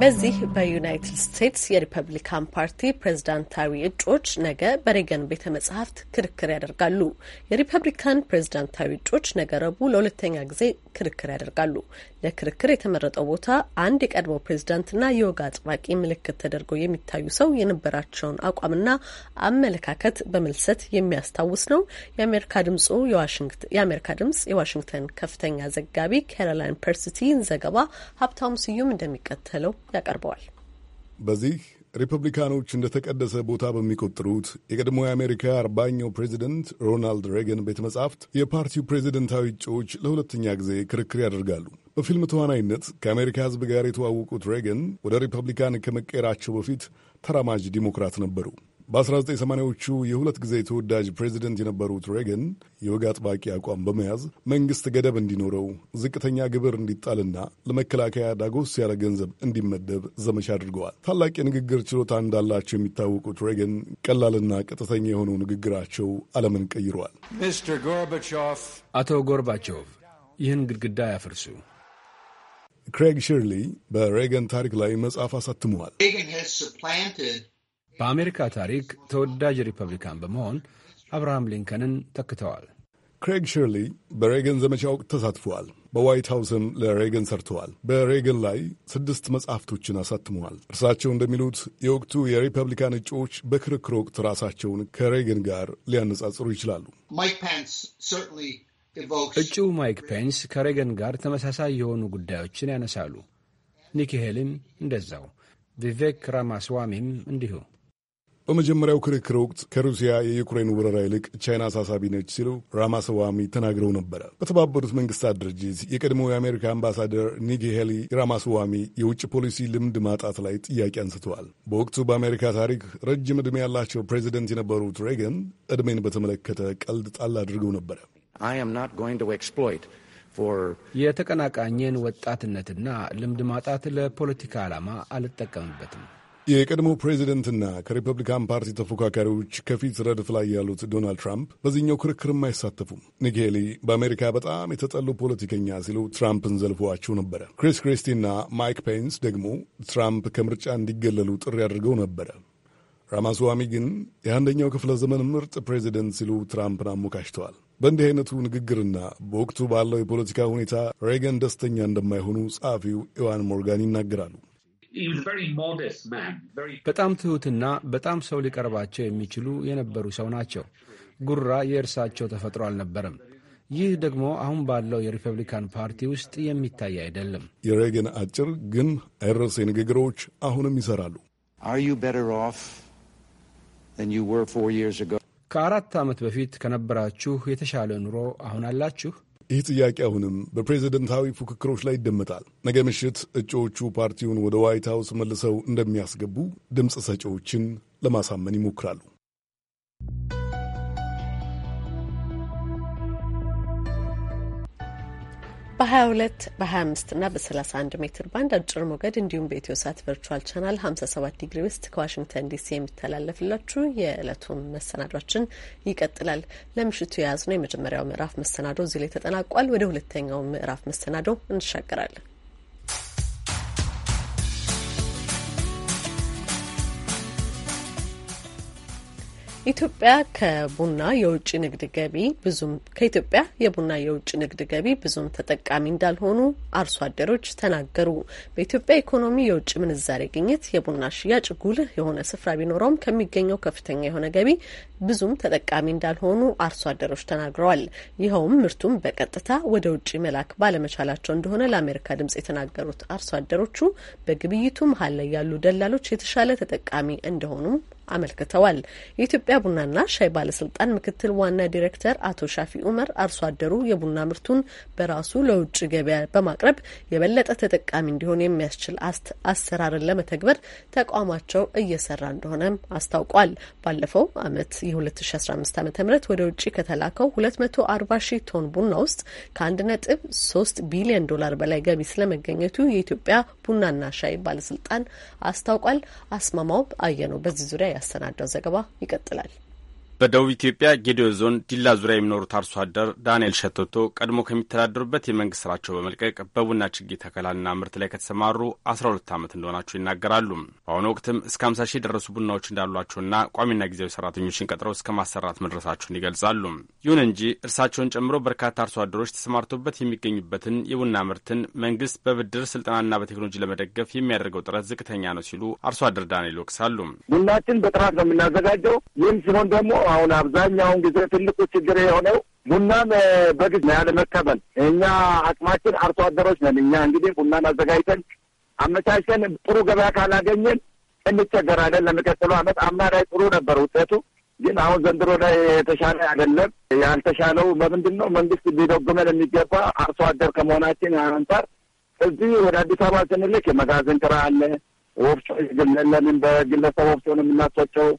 በዚህ በዩናይትድ ስቴትስ የሪፐብሊካን ፓርቲ ፕሬዝዳንታዊ እጩዎች ነገ በሬገን ቤተ መጻሕፍት ክርክር ያደርጋሉ። የሪፐብሊካን ፕሬዝዳንታዊ እጩዎች ነገ ረቡዕ ለሁለተኛ ጊዜ ክርክር ያደርጋሉ። ለክርክር የተመረጠው ቦታ አንድ የቀድሞ ፕሬዝዳንትና የወግ አጥባቂ ምልክት ተደርገው የሚታዩ ሰው የነበራቸውን አቋምና አመለካከት በምልሰት የሚያስታውስ ነው። የአሜሪካ ድምጹ የአሜሪካ ድምጽ የዋሽንግተን ከፍተኛ ዘጋቢ ካሮላይን ፐርስቲ ዘገባ ሀብታሙ ስዩም እንደሚከተለው ያቀርበዋል። በዚህ ሪፐብሊካኖች እንደ ተቀደሰ ቦታ በሚቆጥሩት የቀድሞ የአሜሪካ አርባኛው ፕሬዚደንት ሮናልድ ሬገን ቤተ መጻሕፍት የፓርቲው ፕሬዚደንታዊ እጩዎች ለሁለተኛ ጊዜ ክርክር ያደርጋሉ። በፊልም ተዋናይነት ከአሜሪካ ሕዝብ ጋር የተዋወቁት ሬገን ወደ ሪፐብሊካን ከመቀየራቸው በፊት ተራማጅ ዲሞክራት ነበሩ። በ1980ዎቹ የሁለት ጊዜ ተወዳጅ ፕሬዚደንት የነበሩት ሬገን የወግ አጥባቂ አቋም በመያዝ መንግሥት ገደብ እንዲኖረው ዝቅተኛ ግብር እንዲጣልና ለመከላከያ ዳጎስ ያለ ገንዘብ እንዲመደብ ዘመቻ አድርገዋል። ታላቅ የንግግር ችሎታ እንዳላቸው የሚታወቁት ሬገን ቀላልና ቀጥተኛ የሆነው ንግግራቸው ዓለምን ቀይረዋል። አቶ ጎርባቾቭ ይህን ግድግዳ ያፍርሱ ክሬግ ሽርሊ በሬገን ታሪክ ላይ መጽሐፍ አሳትመዋል። በአሜሪካ ታሪክ ተወዳጅ ሪፐብሊካን በመሆን አብርሃም ሊንከንን ተክተዋል። ክሬግ ሸርሊ በሬገን ዘመቻ ወቅት ተሳትፈዋል። በዋይት ሃውስም ለሬገን ሰርተዋል። በሬገን ላይ ስድስት መጽሐፍቶችን አሳትመዋል። እርሳቸው እንደሚሉት የወቅቱ የሪፐብሊካን እጩዎች በክርክር ወቅት ራሳቸውን ከሬገን ጋር ሊያነጻጽሩ ይችላሉ። እጩው ማይክ ፔንስ ከሬገን ጋር ተመሳሳይ የሆኑ ጉዳዮችን ያነሳሉ። ኒኪ ሄልም እንደዛው፣ ቪቬክ ራማስዋሚም እንዲሁ በመጀመሪያው ክርክር ወቅት ከሩሲያ የዩክሬን ወረራ ይልቅ ቻይና አሳሳቢ ነች ሲሉ ራማስዋሚ ተናግረው ነበረ። በተባበሩት መንግስታት ድርጅት የቀድሞው የአሜሪካ አምባሳደር ኒኪ ሄሊ ራማስዋሚ የውጭ ፖሊሲ ልምድ ማጣት ላይ ጥያቄ አንስተዋል። በወቅቱ በአሜሪካ ታሪክ ረጅም ዕድሜ ያላቸው ፕሬዚደንት የነበሩት ሬገን ዕድሜን በተመለከተ ቀልድ ጣል አድርገው ነበረ። የተቀናቃኝን ወጣትነትና ልምድ ማጣት ለፖለቲካ ዓላማ አልጠቀምበትም የቀድሞ ፕሬዚደንትና ከሪፐብሊካን ፓርቲ ተፎካካሪዎች ከፊት ረድፍ ላይ ያሉት ዶናልድ ትራምፕ በዚህኛው ክርክርም አይሳተፉም። ኒክ ሄሊ በአሜሪካ በጣም የተጠሉ ፖለቲከኛ ሲሉ ትራምፕን ዘልፈዋቸው ነበረ። ክሪስ ክሪስቲና ማይክ ፔንስ ደግሞ ትራምፕ ከምርጫ እንዲገለሉ ጥሪ አድርገው ነበረ። ራማስዋሚ ግን የአንደኛው ክፍለ ዘመን ምርጥ ፕሬዚደንት ሲሉ ትራምፕን አሞካሽተዋል። በእንዲህ አይነቱ ንግግርና በወቅቱ ባለው የፖለቲካ ሁኔታ ሬገን ደስተኛ እንደማይሆኑ ጸሐፊው ኢዋን ሞርጋን ይናገራሉ። በጣም ትሑትና በጣም ሰው ሊቀርባቸው የሚችሉ የነበሩ ሰው ናቸው። ጉራ የእርሳቸው ተፈጥሮ አልነበረም። ይህ ደግሞ አሁን ባለው የሪፐብሊካን ፓርቲ ውስጥ የሚታይ አይደለም። የሬገን አጭር ግን አይረሴ ንግግሮች አሁንም ይሰራሉ። ከአራት ዓመት በፊት ከነበራችሁ የተሻለ ኑሮ አሁን አላችሁ? ይህ ጥያቄ አሁንም በፕሬዝደንታዊ ፉክክሮች ላይ ይደመጣል። ነገ ምሽት እጩዎቹ ፓርቲውን ወደ ዋይት ሀውስ መልሰው እንደሚያስገቡ ድምፅ ሰጪዎችን ለማሳመን ይሞክራሉ። በ22 በ25 እና በ31 ሜትር ባንድ አጭር ሞገድ እንዲሁም በኢትዮ ሳት ቨርቹዋል ቻናል 57 ዲግሪ ውስጥ ከዋሽንግተን ዲሲ የሚተላለፍላችሁ የዕለቱን መሰናዷችን ይቀጥላል። ለምሽቱ የያዝነው የመጀመሪያው ምዕራፍ መሰናዶ እዚህ ላይ ተጠናቋል። ወደ ሁለተኛው ምዕራፍ መሰናዶ እንሻገራለን። ኢትዮጵያ ከቡና የውጭ ንግድ ገቢ ብዙም ከኢትዮጵያ የቡና የውጭ ንግድ ገቢ ብዙም ተጠቃሚ እንዳልሆኑ አርሶ አደሮች ተናገሩ። በኢትዮጵያ ኢኮኖሚ የውጭ ምንዛሬ ግኝት የቡና ሽያጭ ጉልህ የሆነ ስፍራ ቢኖረውም ከሚገኘው ከፍተኛ የሆነ ገቢ ብዙም ተጠቃሚ እንዳልሆኑ አርሶ አደሮች ተናግረዋል። ይኸውም ምርቱም በቀጥታ ወደ ውጭ መላክ ባለመቻላቸው እንደሆነ ለአሜሪካ ድምጽ የተናገሩት አርሶ አደሮቹ በግብይቱ መሀል ላይ ያሉ ደላሎች የተሻለ ተጠቃሚ እንደሆኑም አመልክተዋል። የኢትዮጵያ ቡናና ሻይ ባለስልጣን ምክትል ዋና ዲሬክተር አቶ ሻፊ ኡመር አርሶ አደሩ የቡና ምርቱን በራሱ ለውጭ ገበያ በማቅረብ የበለጠ ተጠቃሚ እንዲሆን የሚያስችል አሰራርን ለመተግበር ተቋማቸው እየሰራ እንደሆነም አስታውቋል። ባለፈው አመት የ2015 ዓ ም ወደ ውጭ ከተላከው 240 ሺህ ቶን ቡና ውስጥ ከ1 ነጥብ 3 ቢሊዮን ዶላር በላይ ገቢ ስለመገኘቱ የኢትዮጵያ ቡናና ሻይ ባለስልጣን አስታውቋል። አስማማው አየ ነው በዚህ ዙሪያ ያሰናዳው ዘገባ ይቀጥላል። በደቡብ ኢትዮጵያ ጌዲዮ ዞን ዲላ ዙሪያ የሚኖሩት አርሶ አደር ዳንኤል ሸቶቶ ቀድሞ ከሚተዳደሩበት የመንግስት ስራቸው በመልቀቅ በቡና ችግኝ ተከላና ምርት ላይ ከተሰማሩ 12 ዓመት እንደሆናቸው ይናገራሉ። በአሁኑ ወቅትም እስከ 50 ሺህ የደረሱ ቡናዎች እንዳሏቸውና ቋሚና ጊዜያዊ ሰራተኞችን ቀጥረው እስከ ማሰራት መድረሳቸውን ይገልጻሉ። ይሁን እንጂ እርሳቸውን ጨምሮ በርካታ አርሶ አደሮች ተሰማርቶበት የሚገኙበትን የቡና ምርትን መንግስት በብድር ስልጠናና በቴክኖሎጂ ለመደገፍ የሚያደርገው ጥረት ዝቅተኛ ነው ሲሉ አርሶ አደር ዳንኤል ይወቅሳሉ። ቡናችን በጥራት ነው የምናዘጋጀው። ይህም ሲሆን ደግሞ አሁን አብዛኛውን ጊዜ ትልቁ ችግር የሆነው ቡናን በግዝ ያለመቀበል። እኛ አቅማችን አርሶ አደሮች ነን። እኛ እንግዲህ ቡናን አዘጋጅተን አመቻችተን ጥሩ ገበያ ካላገኘን እንቸገራለን። ለሚቀጥለው ዓመት አምና ላይ ጥሩ ነበር ውጤቱ፣ ግን አሁን ዘንድሮ ላይ የተሻለ አይደለም። ያልተሻለው በምንድን ነው? መንግስት ሊደጉመን የሚገባ አርሶ አደር ከመሆናችን አንጻር እዚህ ወደ አዲስ አበባ ስንልክ የመጋዘን ክራ አለ፣ ወፍጮ የግለለንን በግለሰብ ወፍጮን የምናስወጨው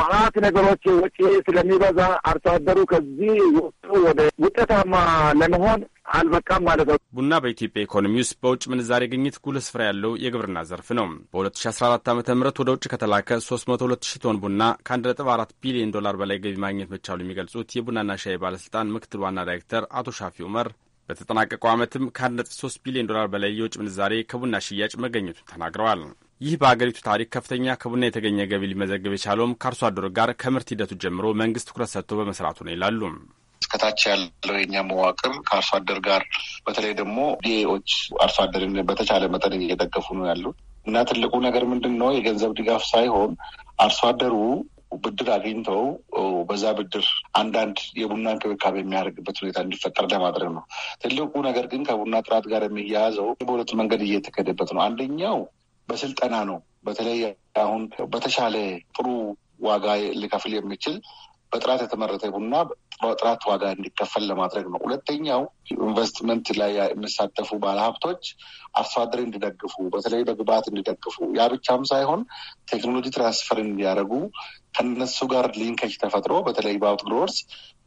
ማለት ነገሮች ወጪ ስለሚበዛ አርሶ አደሩ ከዚህ ወጡ ወደ ውጤታማ ለመሆን አልበቃም ማለት ነው። ቡና በኢትዮጵያ ኢኮኖሚ ውስጥ በውጭ ምንዛሬ ግኝት ጉልህ ስፍራ ያለው የግብርና ዘርፍ ነው። በ2014 ዓ ም ወደ ውጭ ከተላከ 302 ሺህ ቶን ቡና ከ1.4 ቢሊዮን ዶላር በላይ ገቢ ማግኘት መቻሉ የሚገልጹት የቡናና ሻይ ባለስልጣን ምክትል ዋና ዳይሬክተር አቶ ሻፊ ኡመር በተጠናቀቀው ዓመትም ከ1.3 ቢሊዮን ዶላር በላይ የውጭ ምንዛሬ ከቡና ሽያጭ መገኘቱን ተናግረዋል። ይህ በአገሪቱ ታሪክ ከፍተኛ ከቡና የተገኘ ገቢ ሊመዘግብ የቻለውም ከአርሶ አደሩ ጋር ከምርት ሂደቱ ጀምሮ መንግስት ትኩረት ሰጥቶ በመስራቱ ነው ይላሉ። እስከታች ያለው የኛ መዋቅር ከአርሶ አደር ጋር በተለይ ደግሞ ዲኤዎች አርሶ አደርን በተቻለ መጠን እየደገፉ ነው ያሉት እና ትልቁ ነገር ምንድን ነው የገንዘብ ድጋፍ ሳይሆን አርሶ አደሩ ብድር አግኝተው በዛ ብድር አንዳንድ የቡና እንክብካቤ የሚያደርግበት ሁኔታ እንዲፈጠር ለማድረግ ነው። ትልቁ ነገር ግን ከቡና ጥራት ጋር የሚያያዘው በሁለት መንገድ እየተከደበት ነው። አንደኛው በስልጠና ነው። በተለይ አሁን በተሻለ ጥሩ ዋጋ ሊከፍል የሚችል በጥራት የተመረተ ቡና በጥራት ዋጋ እንዲከፈል ለማድረግ ነው። ሁለተኛው ኢንቨስትመንት ላይ የሚሳተፉ ባለሀብቶች አርሶ አደር እንዲደግፉ፣ በተለይ በግብዓት እንዲደግፉ፣ ያ ብቻም ሳይሆን ቴክኖሎጂ ትራንስፈር እንዲያደርጉ ከነሱ ጋር ሊንከጅ ተፈጥሮ በተለይ በአውትግሮወርስ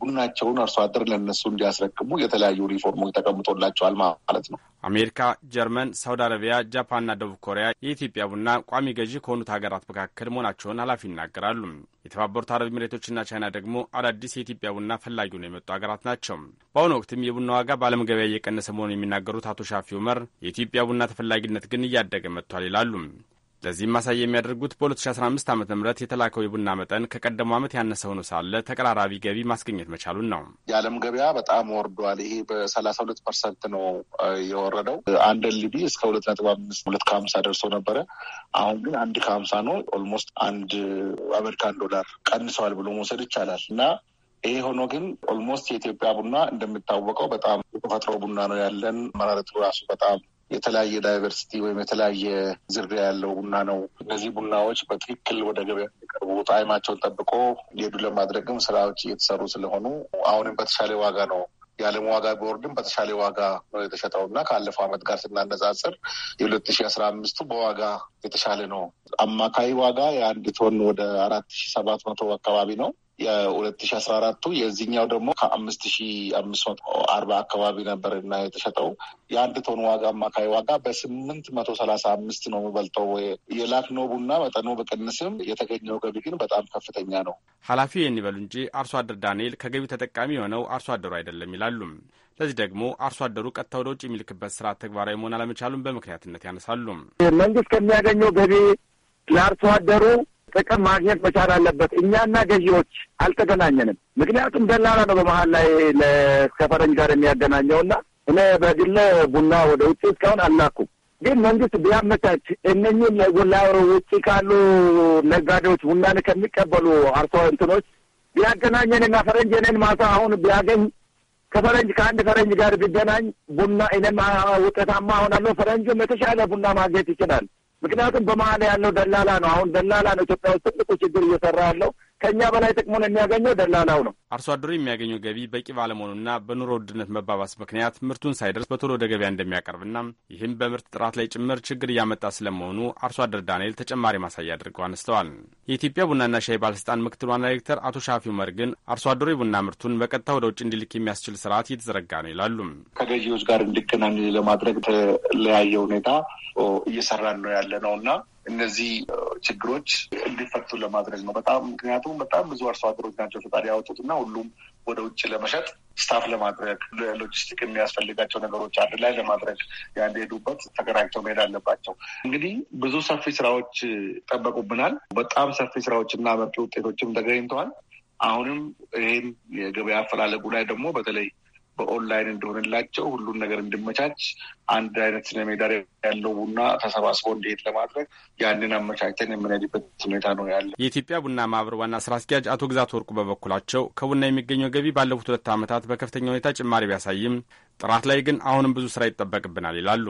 ቡናቸውን አርሶ አደር ለነሱ እንዲያስረክቡ የተለያዩ ሪፎርሞች ተቀምጦላቸዋል ማለት ነው። አሜሪካ፣ ጀርመን፣ ሳውዲ አረቢያ፣ ጃፓንና ደቡብ ኮሪያ የኢትዮጵያ ቡና ቋሚ ገዢ ከሆኑት ሀገራት መካከል መሆናቸውን ኃላፊ ይናገራሉ። የተባበሩት አረብ ኤሚሬቶችና ቻይና ደግሞ አዳዲስ የኢትዮጵያ ቡና ፈላጊ ሆነው የመጡ ሀገራት ናቸው። በአሁኑ ወቅትም የቡና ዋጋ በዓለም ገበያ እየቀነሰ መሆኑን የሚናገሩት አቶ ሻፊ ኡመር የኢትዮጵያ ቡና ተፈላጊነት ግን እያደገ መጥቷል ይላሉ። ለዚህም ማሳያ የሚያደርጉት በ2015 ዓ ም የተላከው የቡና መጠን ከቀደሙ ዓመት ያነሰ ሆኖ ሳለ ተቀራራቢ ገቢ ማስገኘት መቻሉን ነው። የዓለም ገበያ በጣም ወርዷል። ይሄ በሰላሳ ሁለት ፐርሰንት ነው የወረደው። አንድ ኤልቢ እስከ ሁለት ነጥብ አምስት ሁለት ከሀምሳ ደርሶ ነበረ። አሁን ግን አንድ ከሀምሳ ነው። ኦልሞስት አንድ አሜሪካን ዶላር ቀንሰዋል ብሎ መውሰድ ይቻላል እና ይሄ ሆኖ ግን ኦልሞስት የኢትዮጵያ ቡና እንደሚታወቀው በጣም የተፈጥሮ ቡና ነው ያለን። መራረቱ ራሱ በጣም የተለያየ ዳይቨርሲቲ ወይም የተለያየ ዝርያ ያለው ቡና ነው። እነዚህ ቡናዎች በትክክል ወደ ገበያ የሚቀርቡ ጣዕማቸውን ጠብቆ ሊሄዱ ለማድረግም ስራዎች እየተሰሩ ስለሆኑ አሁንም በተሻለ ዋጋ ነው የዓለም ዋጋ ቢወርድም በተሻለ ዋጋ ነው የተሸጠው እና ካለፈው ዓመት ጋር ስናነጻጽር የሁለት ሺ አስራ አምስቱ በዋጋ የተሻለ ነው። አማካይ ዋጋ የአንድ ቶን ወደ አራት ሺ ሰባት መቶ አካባቢ ነው። የሁለት ሺ አስራ አራቱ የዚህኛው ደግሞ ከአምስት ሺ አምስት መቶ አርባ አካባቢ ነበር እና የተሸጠው የአንድ ቶን ዋጋ አማካይ ዋጋ በስምንት መቶ ሰላሳ አምስት ነው የሚበልጠው። የላክኖ ቡና መጠኑ በቅንስም የተገኘው ገቢ ግን በጣም ከፍተኛ ነው። ኃላፊ የሚበሉ እንጂ አርሶ አደር ዳንኤል ከገቢ ተጠቃሚ የሆነው አርሶ አደሩ አይደለም ይላሉ። ለዚህ ደግሞ አርሶ አደሩ ቀጥታ ወደ ውጭ የሚልክበት ስርዓት ተግባራዊ መሆን አለመቻሉን በምክንያትነት ያነሳሉ። መንግስት ከሚያገኘው ገቢ ለአርሶ አደሩ ጥቅም ማግኘት መቻል አለበት። እኛና ገዢዎች አልተገናኘንም። ምክንያቱም ደላላ ነው በመሀል ላይ ከፈረንጅ ጋር የሚያገናኘውና እኔ በግለ ቡና ወደ ውጭ እስካሁን አላኩም። ግን መንግስት ቢያመቻች እነኝን ውጭ ካሉ ነጋዴዎች ቡናን ከሚቀበሉ አርሶ እንትኖች ቢያገናኘንና ፈረንጅ እኔን ማሳ አሁን ቢያገኝ ከፈረንጅ ከአንድ ፈረንጅ ጋር ቢገናኝ ቡና እኔም ውጤታማ ሆናለሁ፣ ፈረንጅም የተሻለ ቡና ማግኘት ይችላል። ምክንያቱም በመሀል ያለው ደላላ ነው። አሁን ደላላ ነው ኢትዮጵያ ውስጥ ትልቁ ችግር እየሰራ ያለው ከእኛ በላይ ጥቅሙን የሚያገኘው ደላላው ነው። አርሶ አደሩ የሚያገኘው ገቢ በቂ ባለመሆኑና በኑሮ ውድነት መባባስ ምክንያት ምርቱን ሳይደርስ በቶሎ ወደ ገበያ እንደሚያቀርብና ይህም በምርት ጥራት ላይ ጭምር ችግር እያመጣ ስለመሆኑ አርሶ አደር ዳንኤል ተጨማሪ ማሳያ አድርገው አነስተዋል። የኢትዮጵያ ቡናና ሻይ ባለስልጣን ምክትል ዋና ዲሬክተር አቶ ሻፊ ኡመር ግን አርሶ አደሩ የቡና ምርቱን በቀጥታ ወደ ውጭ እንዲልክ የሚያስችል ስርዓት እየተዘረጋ ነው ይላሉ። ከገዢዎች ጋር እንዲገናኝ ለማድረግ በተለያየ ሁኔታ እየሰራን ነው ያለ ነው እና እነዚህ ችግሮች እንዲፈቱ ለማድረግ ነው። በጣም ምክንያቱም በጣም ብዙ አርሶ አደሮች ናቸው ፈጣሪ ያወጡት እና ሁሉም ወደ ውጭ ለመሸጥ ስታፍ ለማድረግ ሎጂስቲክ የሚያስፈልጋቸው ነገሮች አንድ ላይ ለማድረግ ያን ሄዱበት ተቀራጅተው መሄድ አለባቸው። እንግዲህ ብዙ ሰፊ ስራዎች ጠበቁብናል። በጣም ሰፊ ስራዎች እና መጡ ውጤቶችም ተገኝተዋል። አሁንም ይህን የገበያ አፈላለጉ ላይ ደግሞ በተለይ በኦንላይን እንደሆነላቸው ሁሉን ነገር እንዲመቻች አንድ አይነት ስነሜዳ ያለው ቡና ተሰባስቦ እንዲሄድ ለማድረግ ያንን አመቻቸን የምንሄድበት ሁኔታ ነው ያለ። የኢትዮጵያ ቡና ማህበር ዋና ስራ አስኪያጅ አቶ ግዛት ወርቁ በበኩላቸው ከቡና የሚገኘው ገቢ ባለፉት ሁለት ዓመታት በከፍተኛ ሁኔታ ጭማሪ ቢያሳይም ጥራት ላይ ግን አሁንም ብዙ ስራ ይጠበቅብናል ይላሉ።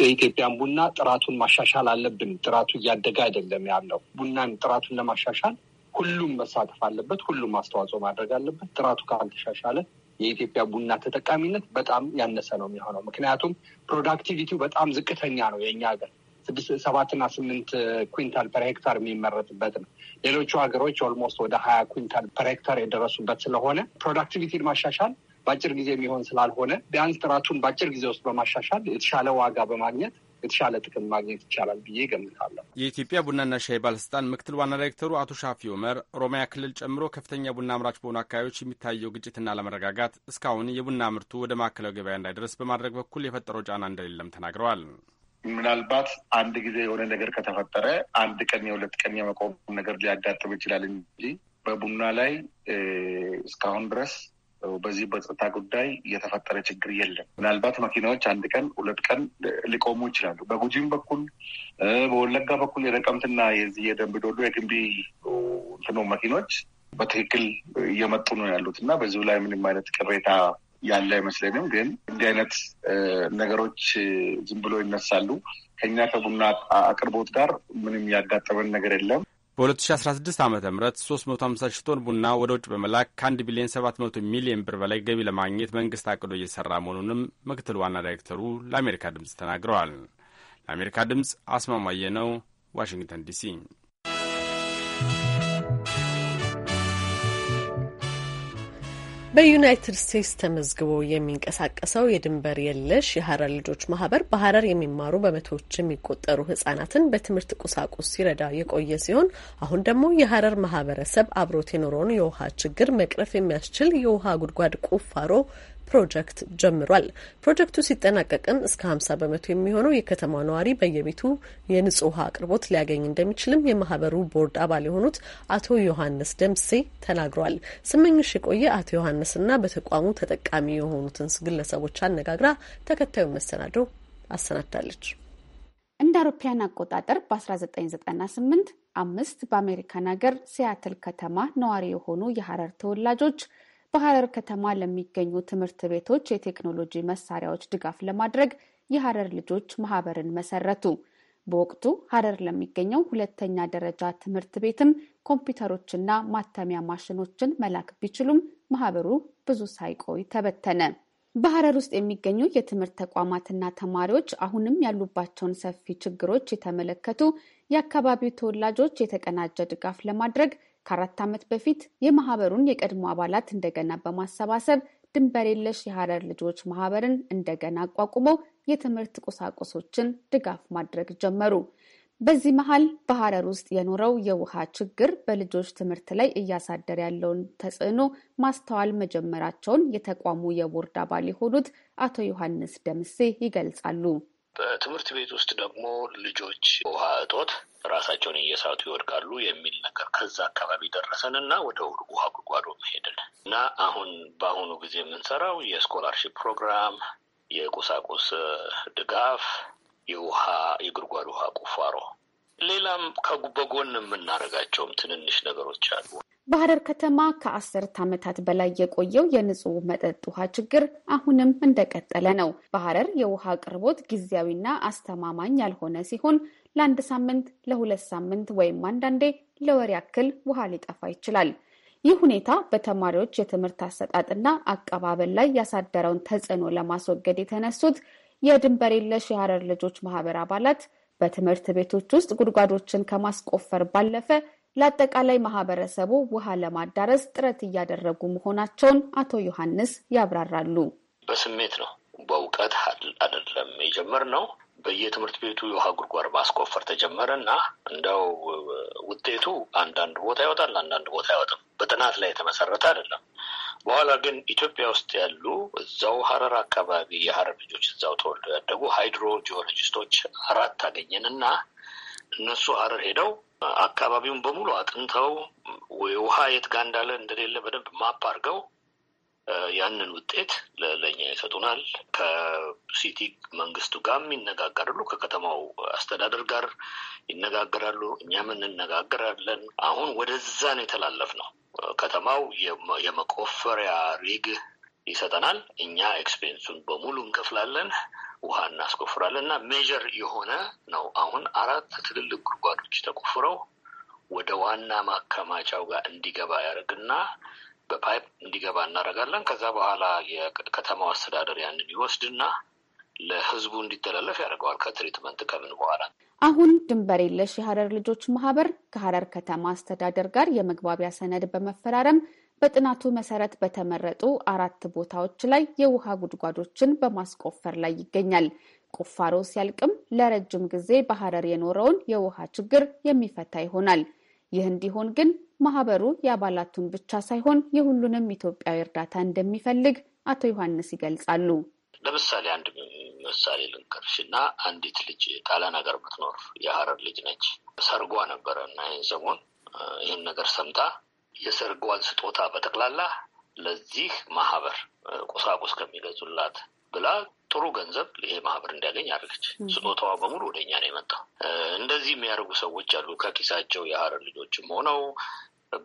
የኢትዮጵያን ቡና ጥራቱን ማሻሻል አለብን። ጥራቱ እያደገ አይደለም ያለው። ቡናን ጥራቱን ለማሻሻል ሁሉም መሳተፍ አለበት። ሁሉም አስተዋጽኦ ማድረግ አለበት። ጥራቱ ካልተሻሻለ የኢትዮጵያ ቡና ተጠቃሚነት በጣም ያነሰ ነው የሚሆነው። ምክንያቱም ፕሮዳክቲቪቲው በጣም ዝቅተኛ ነው። የእኛ ሀገር ስድስት ሰባትና ስምንት ኩንታል ፐር ሄክታር የሚመረትበት ነው። ሌሎቹ ሀገሮች ኦልሞስት ወደ ሀያ ኩንታል ፐር ሄክታር የደረሱበት ስለሆነ ፕሮዳክቲቪቲን ማሻሻል በአጭር ጊዜ የሚሆን ስላልሆነ ቢያንስ ጥራቱን በአጭር ጊዜ ውስጥ በማሻሻል የተሻለ ዋጋ በማግኘት የተሻለ ጥቅም ማግኘት ይቻላል ብዬ ገምታለሁ። የኢትዮጵያ ቡናና ሻይ ባለስልጣን ምክትል ዋና ዳይሬክተሩ አቶ ሻፊ ኡመር ኦሮሚያ ክልል ጨምሮ ከፍተኛ ቡና አምራች በሆኑ አካባቢዎች የሚታየው ግጭትና ለመረጋጋት እስካሁን የቡና ምርቱ ወደ ማዕከላዊ ገበያ እንዳይደርስ በማድረግ በኩል የፈጠረው ጫና እንደሌለም ተናግረዋል። ምናልባት አንድ ጊዜ የሆነ ነገር ከተፈጠረ አንድ ቀን የሁለት ቀን የመቆም ነገር ሊያጋጥም ይችላል እንጂ በቡና ላይ እስካሁን ድረስ በዚህ በጸጥታ ጉዳይ የተፈጠረ ችግር የለም። ምናልባት መኪናዎች አንድ ቀን ሁለት ቀን ሊቆሙ ይችላሉ። በጉጂም በኩል በወለጋ በኩል የነቀምትና የዚህ የደንብ ዶዶ የግንቢ እንትኖ መኪኖች በትክክል እየመጡ ነው ያሉት እና በዚሁ ላይ ምንም አይነት ቅሬታ ያለ አይመስለንም። ግን እንዲህ አይነት ነገሮች ዝም ብሎ ይነሳሉ። ከኛ ከቡና አቅርቦት ጋር ምንም ያጋጠመን ነገር የለም። በ2016 ዓ ም 350 ሺህ ቶን ቡና ወደ ውጭ በመላክ ከ1 ቢሊዮን 700 ሚሊዮን ብር በላይ ገቢ ለማግኘት መንግስት አቅዶ እየሰራ መሆኑንም ምክትል ዋና ዳይሬክተሩ ለአሜሪካ ድምፅ ተናግረዋል። ለአሜሪካ ድምፅ አስማማየ ነው፣ ዋሽንግተን ዲሲ። በዩናይትድ ስቴትስ ተመዝግቦ የሚንቀሳቀሰው የድንበር የለሽ የሀረር ልጆች ማህበር በሀረር የሚማሩ በመቶዎች የሚቆጠሩ ህጻናትን በትምህርት ቁሳቁስ ሲረዳ የቆየ ሲሆን አሁን ደግሞ የሀረር ማህበረሰብ አብሮት የኖረውን የውሃ ችግር መቅረፍ የሚያስችል የውሃ ጉድጓድ ቁፋሮ ፕሮጀክት ጀምሯል። ፕሮጀክቱ ሲጠናቀቅም እስከ 50 በመቶ የሚሆነው የከተማ ነዋሪ በየቤቱ የንጹህ ውሃ አቅርቦት ሊያገኝ እንደሚችልም የማህበሩ ቦርድ አባል የሆኑት አቶ ዮሐንስ ደምሴ ተናግረዋል። ስመኝሽ የቆየ አቶ ዮሐንስና በተቋሙ ተጠቃሚ የሆኑትን ግለሰቦች አነጋግራ ተከታዩን መሰናዶ አሰናድታለች። እንደ አውሮፓውያን አቆጣጠር በ1998 አምስት በአሜሪካን ሀገር ሲያትል ከተማ ነዋሪ የሆኑ የሀረር ተወላጆች በሐረር ከተማ ለሚገኙ ትምህርት ቤቶች የቴክኖሎጂ መሳሪያዎች ድጋፍ ለማድረግ የሐረር ልጆች ማህበርን መሰረቱ። በወቅቱ ሐረር ለሚገኘው ሁለተኛ ደረጃ ትምህርት ቤትም ኮምፒውተሮችና ማተሚያ ማሽኖችን መላክ ቢችሉም ማህበሩ ብዙ ሳይቆይ ተበተነ። በሐረር ውስጥ የሚገኙ የትምህርት ተቋማትና ተማሪዎች አሁንም ያሉባቸውን ሰፊ ችግሮች የተመለከቱ የአካባቢው ተወላጆች የተቀናጀ ድጋፍ ለማድረግ ከአራት ዓመት በፊት የማህበሩን የቀድሞ አባላት እንደገና በማሰባሰብ ድንበር የለሽ የሀረር ልጆች ማህበርን እንደገና አቋቁመው የትምህርት ቁሳቁሶችን ድጋፍ ማድረግ ጀመሩ። በዚህ መሀል በሀረር ውስጥ የኖረው የውሃ ችግር በልጆች ትምህርት ላይ እያሳደረ ያለውን ተጽዕኖ ማስተዋል መጀመራቸውን የተቋሙ የቦርድ አባል የሆኑት አቶ ዮሐንስ ደምሴ ይገልጻሉ። በትምህርት ቤት ውስጥ ደግሞ ልጆች ውሃ እጦት ራሳቸውን እየሳቱ ይወድቃሉ የሚል ነገር ከዛ አካባቢ ደረሰን እና ወደ ውሃ ጉድጓዶ መሄድን እና አሁን በአሁኑ ጊዜ የምንሰራው የስኮላርሽፕ ፕሮግራም፣ የቁሳቁስ ድጋፍ፣ የውሃ የጉድጓድ ውሃ ቁፋሮ፣ ሌላም በጎን የምናደርጋቸውም ትንንሽ ነገሮች አሉ። በሐረር ከተማ ከአስርት ዓመታት በላይ የቆየው የንጹህ መጠጥ ውሃ ችግር አሁንም እንደቀጠለ ነው። በሐረር የውሃ አቅርቦት ጊዜያዊና አስተማማኝ ያልሆነ ሲሆን ለአንድ ሳምንት፣ ለሁለት ሳምንት ወይም አንዳንዴ ለወር ያክል ውሃ ሊጠፋ ይችላል። ይህ ሁኔታ በተማሪዎች የትምህርት አሰጣጥና አቀባበል ላይ ያሳደረውን ተጽዕኖ ለማስወገድ የተነሱት የድንበር የለሽ የሐረር ልጆች ማህበር አባላት በትምህርት ቤቶች ውስጥ ጉድጓዶችን ከማስቆፈር ባለፈ ለአጠቃላይ ማህበረሰቡ ውሃ ለማዳረስ ጥረት እያደረጉ መሆናቸውን አቶ ዮሐንስ ያብራራሉ። በስሜት ነው፣ በእውቀት አይደለም የጀመርነው። በየትምህርት ቤቱ የውሃ ጉድጓድ ማስቆፈር ተጀመረ እና እንደው ውጤቱ አንዳንድ ቦታ ይወጣል፣ አንዳንድ ቦታ አይወጥም። በጥናት ላይ የተመሰረተ አይደለም። በኋላ ግን ኢትዮጵያ ውስጥ ያሉ እዛው ሀረር አካባቢ የሀረር ልጆች እዛው ተወልደው ያደጉ ሃይድሮ ጂኦሎጂስቶች አራት አገኘን እና እነሱ ሀረር ሄደው አካባቢውን በሙሉ አጥንተው ውሃ የት ጋ እንዳለ እንደሌለ በደንብ ማፕ አድርገው ያንን ውጤት ለእኛ ይሰጡናል። ከሲቲ መንግስቱ ጋርም ይነጋገራሉ፣ ከከተማው አስተዳደር ጋር ይነጋገራሉ፣ እኛም እንነጋገራለን። አሁን ወደዛ ነው የተላለፍ ነው። ከተማው የመቆፈሪያ ሪግ ይሰጠናል። እኛ ኤክስፔንሱን በሙሉ እንከፍላለን። ውሃ እናስቆፍራለን እና ሜጀር የሆነ ነው። አሁን አራት ትልልቅ ጉድጓዶች ተቆፍረው ወደ ዋና ማከማቻው ጋር እንዲገባ ያደርግና በፓይፕ እንዲገባ እናደርጋለን። ከዛ በኋላ የከተማው አስተዳደር ያንን ይወስድና ለህዝቡ እንዲተላለፍ ያደርገዋል ከትሪትመንት ከምን በኋላ። አሁን ድንበር የለሽ የሀረር ልጆች ማህበር ከሀረር ከተማ አስተዳደር ጋር የመግባቢያ ሰነድ በመፈራረም በጥናቱ መሰረት በተመረጡ አራት ቦታዎች ላይ የውሃ ጉድጓዶችን በማስቆፈር ላይ ይገኛል። ቁፋሮ ሲያልቅም ለረጅም ጊዜ በሐረር የኖረውን የውሃ ችግር የሚፈታ ይሆናል። ይህ እንዲሆን ግን ማህበሩ የአባላቱን ብቻ ሳይሆን የሁሉንም ኢትዮጵያዊ እርዳታ እንደሚፈልግ አቶ ዮሐንስ ይገልጻሉ። ለምሳሌ አንድ ምሳሌ ልንቀርሽ እና አንዲት ልጅ ጣሊያን ሀገር ምትኖር የሀረር ልጅ ነች። ሰርጓ ነበረ እና ይህን ሰሞን ይህን ነገር ሰምታ የሰርጓን ስጦታ በጠቅላላ ለዚህ ማህበር ቁሳቁስ ከሚገዙላት ብላ ጥሩ ገንዘብ ይሄ ማህበር እንዲያገኝ አድርገች። ስጦታዋ በሙሉ ወደ እኛ ነው የመጣው። እንደዚህ የሚያደርጉ ሰዎች አሉ። ከኪሳቸው የሀረር ልጆችም ሆነው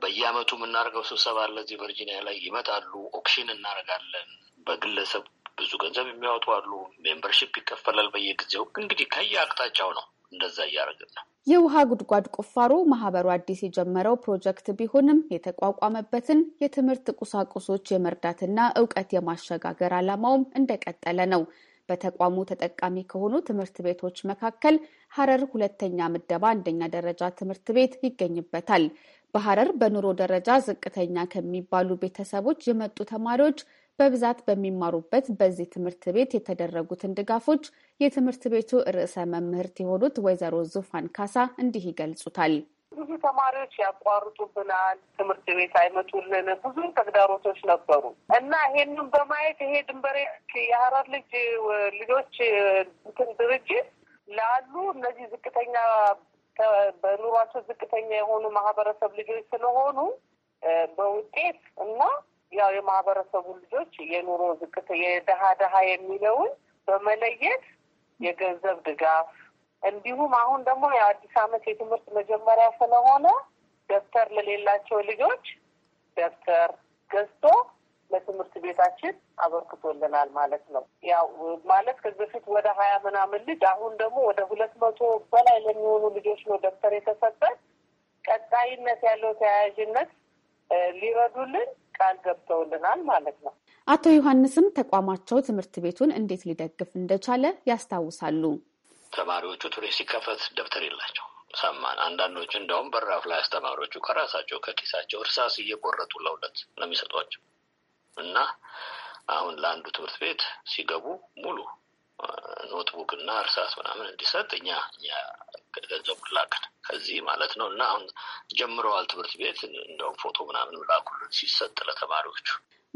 በየአመቱ የምናደርገው ስብሰባ አለ ቨርጂኒያ ላይ ይመጣሉ። ኦክሽን እናደርጋለን። በግለሰብ ብዙ ገንዘብ የሚያወጡ አሉ። ሜምበርሽፕ ይከፈላል በየጊዜው እንግዲህ አቅጣጫው ነው እንደዛ እያደረግን ነው። የውሃ ጉድጓድ ቁፋሮ ማህበሩ አዲስ የጀመረው ፕሮጀክት ቢሆንም የተቋቋመበትን የትምህርት ቁሳቁሶች የመርዳትና እውቀት የማሸጋገር ዓላማውም እንደቀጠለ ነው። በተቋሙ ተጠቃሚ ከሆኑ ትምህርት ቤቶች መካከል ሀረር ሁለተኛ ምደባ አንደኛ ደረጃ ትምህርት ቤት ይገኝበታል። በሀረር በኑሮ ደረጃ ዝቅተኛ ከሚባሉ ቤተሰቦች የመጡ ተማሪዎች በብዛት በሚማሩበት በዚህ ትምህርት ቤት የተደረጉትን ድጋፎች የትምህርት ቤቱ ርዕሰ መምህርት የሆኑት ወይዘሮ ዙፋን ካሳ እንዲህ ይገልጹታል። ብዙ ተማሪዎች ያቋርጡብናል፣ ትምህርት ቤት አይመጡልን፣ ብዙ ተግዳሮቶች ነበሩ እና ይሄንን በማየት ይሄ ድንበሬ የሀረር ልጅ ልጆች እንትን ድርጅት ላሉ እነዚህ ዝቅተኛ በኑሯቸው ዝቅተኛ የሆኑ ማህበረሰብ ልጆች ስለሆኑ በውጤት እና ያው የማህበረሰቡ ልጆች የኑሮ ዝቅት የድሀ ድሀ የሚለውን በመለየት የገንዘብ ድጋፍ እንዲሁም አሁን ደግሞ የአዲስ ዓመት የትምህርት መጀመሪያ ስለሆነ ደብተር ለሌላቸው ልጆች ደብተር ገዝቶ ለትምህርት ቤታችን አበርክቶልናል ማለት ነው። ያው ማለት ከዚህ በፊት ወደ ሀያ ምናምን ልጅ አሁን ደግሞ ወደ ሁለት መቶ በላይ ለሚሆኑ ልጆች ነው ደብተር የተሰጠን። ቀጣይነት ያለው ተያያዥነት ሊረዱልን ቃል ገብተውልናል ማለት ነው። አቶ ዮሐንስም ተቋማቸው ትምህርት ቤቱን እንዴት ሊደግፍ እንደቻለ ያስታውሳሉ። ተማሪዎቹ ቱሬ ሲከፈት ደብተር የላቸው ሰማን። አንዳንዶቹ እንደውም በራፍ ላይ አስተማሪዎቹ ከራሳቸው ከኪሳቸው እርሳስ እየቆረጡ ለሁለት ነው የሚሰጧቸው እና አሁን ለአንዱ ትምህርት ቤት ሲገቡ ሙሉ ኖትቡክ እና እርሳስ ምናምን እንዲሰጥ እኛ እኛ ገንዘብ ላክን ከዚህ ማለት ነው። እና አሁን ጀምረዋል ትምህርት ቤት እንደውም ፎቶ ምናምን ላኩልን ሲሰጥ ለተማሪዎቹ።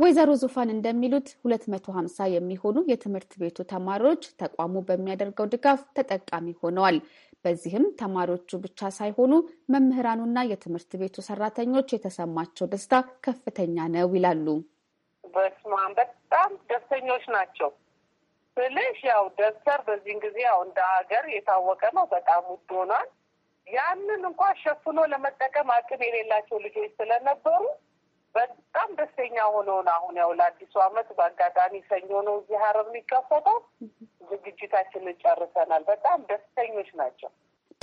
ወይዘሮ ዙፋን እንደሚሉት ሁለት መቶ ሀምሳ የሚሆኑ የትምህርት ቤቱ ተማሪዎች ተቋሙ በሚያደርገው ድጋፍ ተጠቃሚ ሆነዋል። በዚህም ተማሪዎቹ ብቻ ሳይሆኑ መምህራኑና የትምህርት ቤቱ ሰራተኞች የተሰማቸው ደስታ ከፍተኛ ነው ይላሉ። በስማም በጣም ደስተኞች ናቸው። ብልሽ ያው ደብተር በዚህን ጊዜ ያው እንደ ሀገር የታወቀ ነው፣ በጣም ውድ ሆኗል። ያንን እንኳን ሸፍኖ ለመጠቀም አቅም የሌላቸው ልጆች ስለነበሩ በጣም ደስተኛ ሆነውን አሁን ያው ለአዲሱ ዓመት በአጋጣሚ ሰኞ ነው እዚህ ሀረር የሚከፈተው። ዝግጅታችንን ጨርሰናል። በጣም ደስተኞች ናቸው።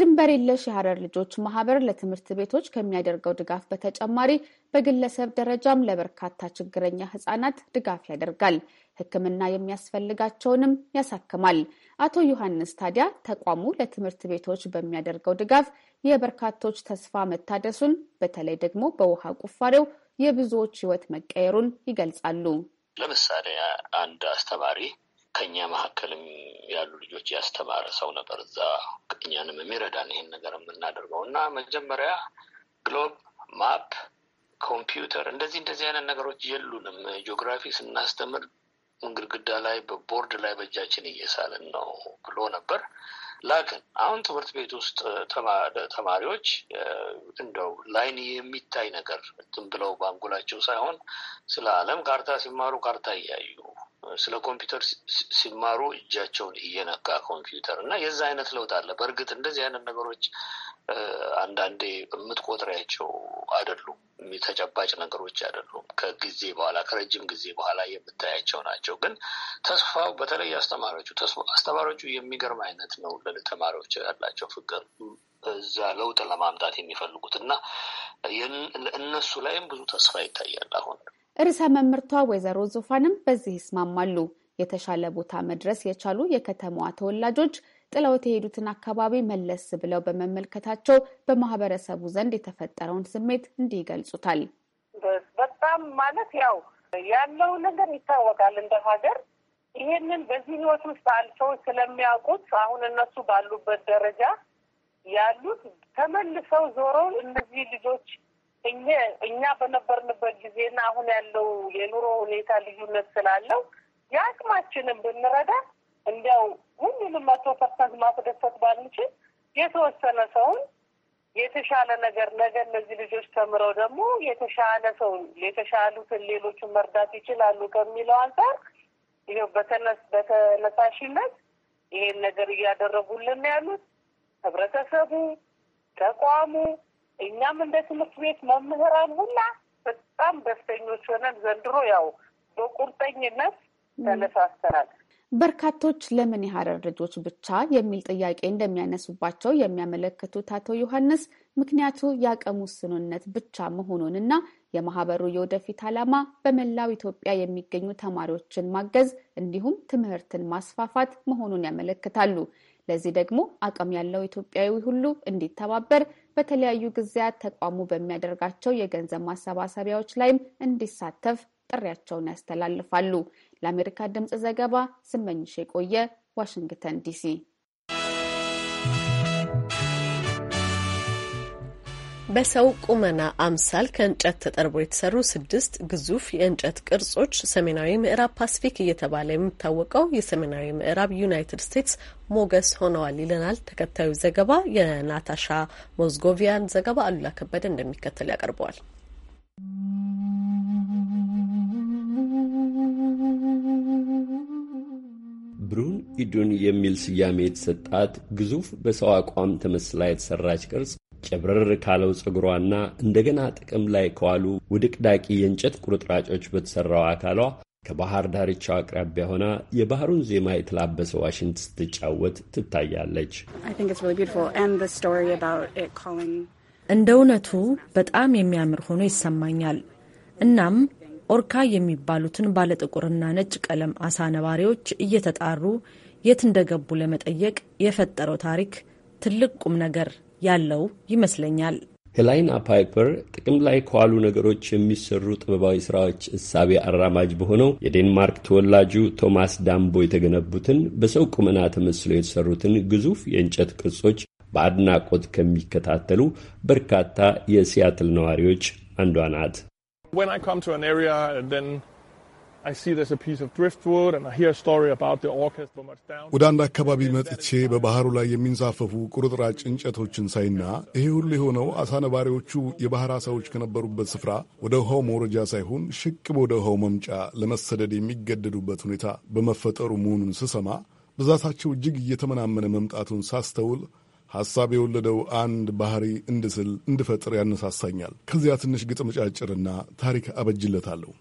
ድንበር የለሽ የሀረር ልጆች ማህበር ለትምህርት ቤቶች ከሚያደርገው ድጋፍ በተጨማሪ በግለሰብ ደረጃም ለበርካታ ችግረኛ ህጻናት ድጋፍ ያደርጋል። ሕክምና የሚያስፈልጋቸውንም ያሳክማል። አቶ ዮሐንስ ታዲያ ተቋሙ ለትምህርት ቤቶች በሚያደርገው ድጋፍ የበርካቶች ተስፋ መታደሱን በተለይ ደግሞ በውሃ ቁፋሬው የብዙዎች ህይወት መቀየሩን ይገልጻሉ። ለምሳሌ አንድ አስተማሪ ከኛ መካከልም ያሉ ልጆች ያስተማረ ሰው ነበር። እዛ እኛንም የሚረዳን ይህን ነገር የምናደርገው እና መጀመሪያ ግሎብ ማፕ ኮምፒውተር እንደዚህ እንደዚህ አይነት ነገሮች የሉንም። ጂኦግራፊ ስናስተምር ግድግዳ ላይ በቦርድ ላይ በእጃችን እየሳልን ነው ብሎ ነበር። ላክን። አሁን ትምህርት ቤት ውስጥ ተማሪዎች እንደው ላይን የሚታይ ነገር ዝም ብለው በአንጎላቸው ሳይሆን ስለ ዓለም ካርታ ሲማሩ ካርታ እያዩ ስለ ኮምፒውተር ሲማሩ እጃቸውን እየነካ ኮምፒውተር እና የዛ አይነት ለውጥ አለ። በእርግጥ እንደዚህ አይነት ነገሮች አንዳንዴ የምትቆጥሪያቸው አይደሉም፣ ተጨባጭ ነገሮች አይደሉም። ከጊዜ በኋላ ከረጅም ጊዜ በኋላ የምታያቸው ናቸው። ግን ተስፋው በተለይ አስተማሪዎቹ አስተማሪዎቹ የሚገርም አይነት ነው ለተማሪዎች ያላቸው ፍቅር እዛ ለውጥ ለማምጣት የሚፈልጉት እና እነሱ ላይም ብዙ ተስፋ ይታያል። አሁን ርዕሰ መምህርቷ ወይዘሮ ዙፋንም በዚህ ይስማማሉ። የተሻለ ቦታ መድረስ የቻሉ የከተማዋ ተወላጆች ጥለውት የሄዱትን አካባቢ መለስ ብለው በመመልከታቸው በማህበረሰቡ ዘንድ የተፈጠረውን ስሜት እንዲህ ይገልጹታል። በጣም ማለት ያው ያለው ነገር ይታወቃል እንደ ሀገር ይሄንን በዚህ ህይወት ውስጥ አልፈው ስለሚያውቁት አሁን እነሱ ባሉበት ደረጃ ያሉት ተመልሰው ዞሮ እነዚህ ልጆች እኛ እኛ በነበርንበት ጊዜና አሁን ያለው የኑሮ ሁኔታ ልዩነት ስላለው የአቅማችንን ብንረዳ እንዲያው ሁሉንም መቶ ፐርሰንት ማስደሰት ባንችል የተወሰነ ሰውን የተሻለ ነገር ነገ እነዚህ ልጆች ተምረው ደግሞ የተሻለ ሰውን የተሻሉትን ሌሎችን መርዳት ይችላሉ ከሚለው አንጻር ይኸው በተነሳሽነት ይሄን ነገር እያደረጉልን ያሉት ህብረተሰቡ፣ ተቋሙ፣ እኛም እንደ ትምህርት ቤት መምህራን ሁላ በጣም ደስተኞች ሆነን ዘንድሮ ያው በቁርጠኝነት ተነሳስተናል። በርካቶች ለምን የሀረር ልጆች ብቻ የሚል ጥያቄ እንደሚያነሱባቸው የሚያመለክቱት አቶ ዮሐንስ ምክንያቱ የአቅም ውስንነት ብቻ መሆኑንና የማህበሩ የወደፊት ዓላማ በመላው ኢትዮጵያ የሚገኙ ተማሪዎችን ማገዝ እንዲሁም ትምህርትን ማስፋፋት መሆኑን ያመለክታሉ። ለዚህ ደግሞ አቅም ያለው ኢትዮጵያዊ ሁሉ እንዲተባበር በተለያዩ ጊዜያት ተቋሙ በሚያደርጋቸው የገንዘብ ማሰባሰቢያዎች ላይም እንዲሳተፍ ጥሪያቸውን ያስተላልፋሉ። ለአሜሪካ ድምፅ ዘገባ ስመኝሽ የቆየ ዋሽንግተን ዲሲ። በሰው ቁመና አምሳል ከእንጨት ተጠርቦ የተሰሩ ስድስት ግዙፍ የእንጨት ቅርጾች ሰሜናዊ ምዕራብ ፓሲፊክ እየተባለ የሚታወቀው የሰሜናዊ ምዕራብ ዩናይትድ ስቴትስ ሞገስ ሆነዋል ይለናል ተከታዩ ዘገባ። የናታሻ ሞዝጎቪያን ዘገባ አሉላ ከበደ እንደሚከተል ያቀርበዋል። ብሩን ኢዱን የሚል ስያሜ የተሰጣት ግዙፍ በሰው አቋም ተመስላ የተሰራች ቅርጽ ጨብረር ካለው ጸጉሯና እንደገና ጥቅም ላይ ከዋሉ ውድቅዳቂ የእንጨት ቁርጥራጮች በተሠራው አካሏ ከባህር ዳርቻው አቅራቢያ ሆና የባህሩን ዜማ የተላበሰ ዋሽንት ስትጫወት ትታያለች። እንደ እውነቱ በጣም የሚያምር ሆኖ ይሰማኛል። እናም ኦርካ የሚባሉትን ባለጥቁርና ነጭ ቀለም አሳ ነባሪዎች እየተጣሩ የት እንደገቡ ለመጠየቅ የፈጠረው ታሪክ ትልቅ ቁም ነገር ያለው ይመስለኛል። ሄላይና ፓይፐር ጥቅም ላይ ከዋሉ ነገሮች የሚሰሩ ጥበባዊ ስራዎች እሳቤ አራማጅ በሆነው የዴንማርክ ተወላጁ ቶማስ ዳምቦ የተገነቡትን በሰው ቁመና ተመስለው የተሰሩትን ግዙፍ የእንጨት ቅርጾች በአድናቆት ከሚከታተሉ በርካታ የሲያትል ነዋሪዎች አንዷ ናት። ወደ አንድ አካባቢ መጥቼ በባህሩ ላይ የሚንሳፈፉ ቁርጥራጭ እንጨቶችን ሳይና ይሄ ሁሉ የሆነው አሳ ነባሪዎቹ የባህር አሳዎች ከነበሩበት ስፍራ ወደ ውሃው መውረጃ ሳይሆን ሽቅብ ወደ ውሃው መምጫ ለመሰደድ የሚገደዱበት ሁኔታ በመፈጠሩ መሆኑን ስሰማ ብዛታቸው እጅግ እየተመናመነ መምጣቱን ሳስተውል ሐሳብ የወለደው አንድ ባህሪ እንድስል እንድፈጥር ያነሳሳኛል። ከዚያ ትንሽ ግጥም ጫጭርና ታሪክ አበጅለታለሁ።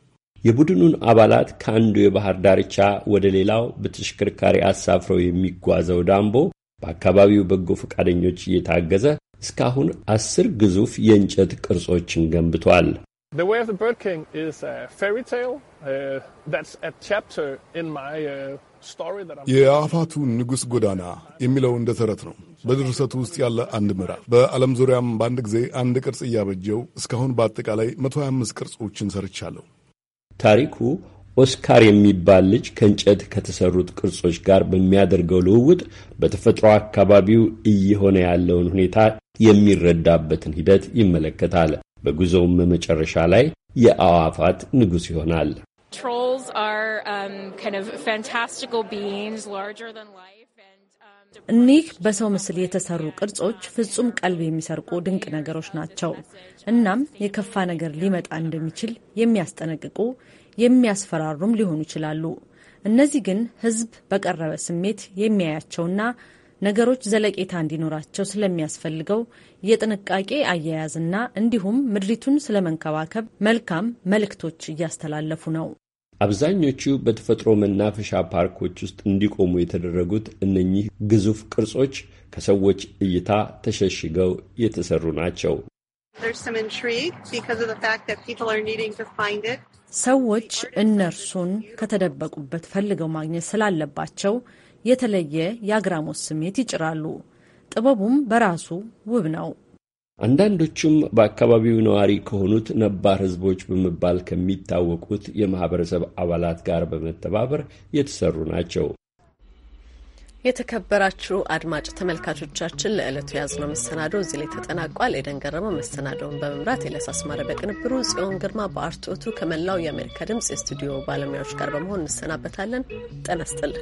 የቡድኑን አባላት ከአንዱ የባህር ዳርቻ ወደ ሌላው በተሽከርካሪ አሳፍረው የሚጓዘው ዳምቦ በአካባቢው በጎ ፈቃደኞች እየታገዘ እስካሁን አስር ግዙፍ የእንጨት ቅርጾችን ገንብቷል። uh, uh, የአፋቱ ንጉሥ ጎዳና የሚለው እንደ ተረት ነው። በድርሰቱ ውስጥ ያለ አንድ ምዕራፍ በዓለም ዙሪያም በአንድ ጊዜ አንድ ቅርጽ እያበጀው እስካሁን በአጠቃላይ 125 ቅርጾችን ሰርቻለሁ። ታሪኩ ኦስካር የሚባል ልጅ ከእንጨት ከተሰሩት ቅርጾች ጋር በሚያደርገው ልውውጥ በተፈጥሮ አካባቢው እየሆነ ያለውን ሁኔታ የሚረዳበትን ሂደት ይመለከታል። በጉዞውም መጨረሻ ላይ የአዋፋት ንጉሥ ይሆናል። Trolls are um, kind of fantastical beings larger than life. እኒህ በሰው ምስል የተሰሩ ቅርጾች ፍጹም ቀልብ የሚሰርቁ ድንቅ ነገሮች ናቸው። እናም የከፋ ነገር ሊመጣ እንደሚችል የሚያስጠነቅቁ የሚያስፈራሩም ሊሆኑ ይችላሉ። እነዚህ ግን ሕዝብ በቀረበ ስሜት የሚያያቸውና ነገሮች ዘለቄታ እንዲኖራቸው ስለሚያስፈልገው የጥንቃቄ አያያዝና እንዲሁም ምድሪቱን ስለመንከባከብ መልካም መልእክቶች እያስተላለፉ ነው። አብዛኞቹ በተፈጥሮ መናፈሻ ፓርኮች ውስጥ እንዲቆሙ የተደረጉት እነኚህ ግዙፍ ቅርጾች ከሰዎች እይታ ተሸሽገው የተሰሩ ናቸው። ሰዎች እነርሱን ከተደበቁበት ፈልገው ማግኘት ስላለባቸው የተለየ የአግራሞት ስሜት ይጭራሉ። ጥበቡም በራሱ ውብ ነው። አንዳንዶቹም በአካባቢው ነዋሪ ከሆኑት ነባር ሕዝቦች በመባል ከሚታወቁት የማህበረሰብ አባላት ጋር በመተባበር የተሰሩ ናቸው። የተከበራችሁ አድማጭ ተመልካቾቻችን ለዕለቱ የያዝነው መሰናዶ እዚህ ላይ ተጠናቋል። ኤደን ገረመው መሰናዶውን በመምራት ኤልያስ አስማረ በቅንብሩ፣ ጽዮን ግርማ በአርትዖቱ ከመላው የአሜሪካ ድምፅ የስቱዲዮ ባለሙያዎች ጋር በመሆን እንሰናበታለን። ጤና ይስጥልን።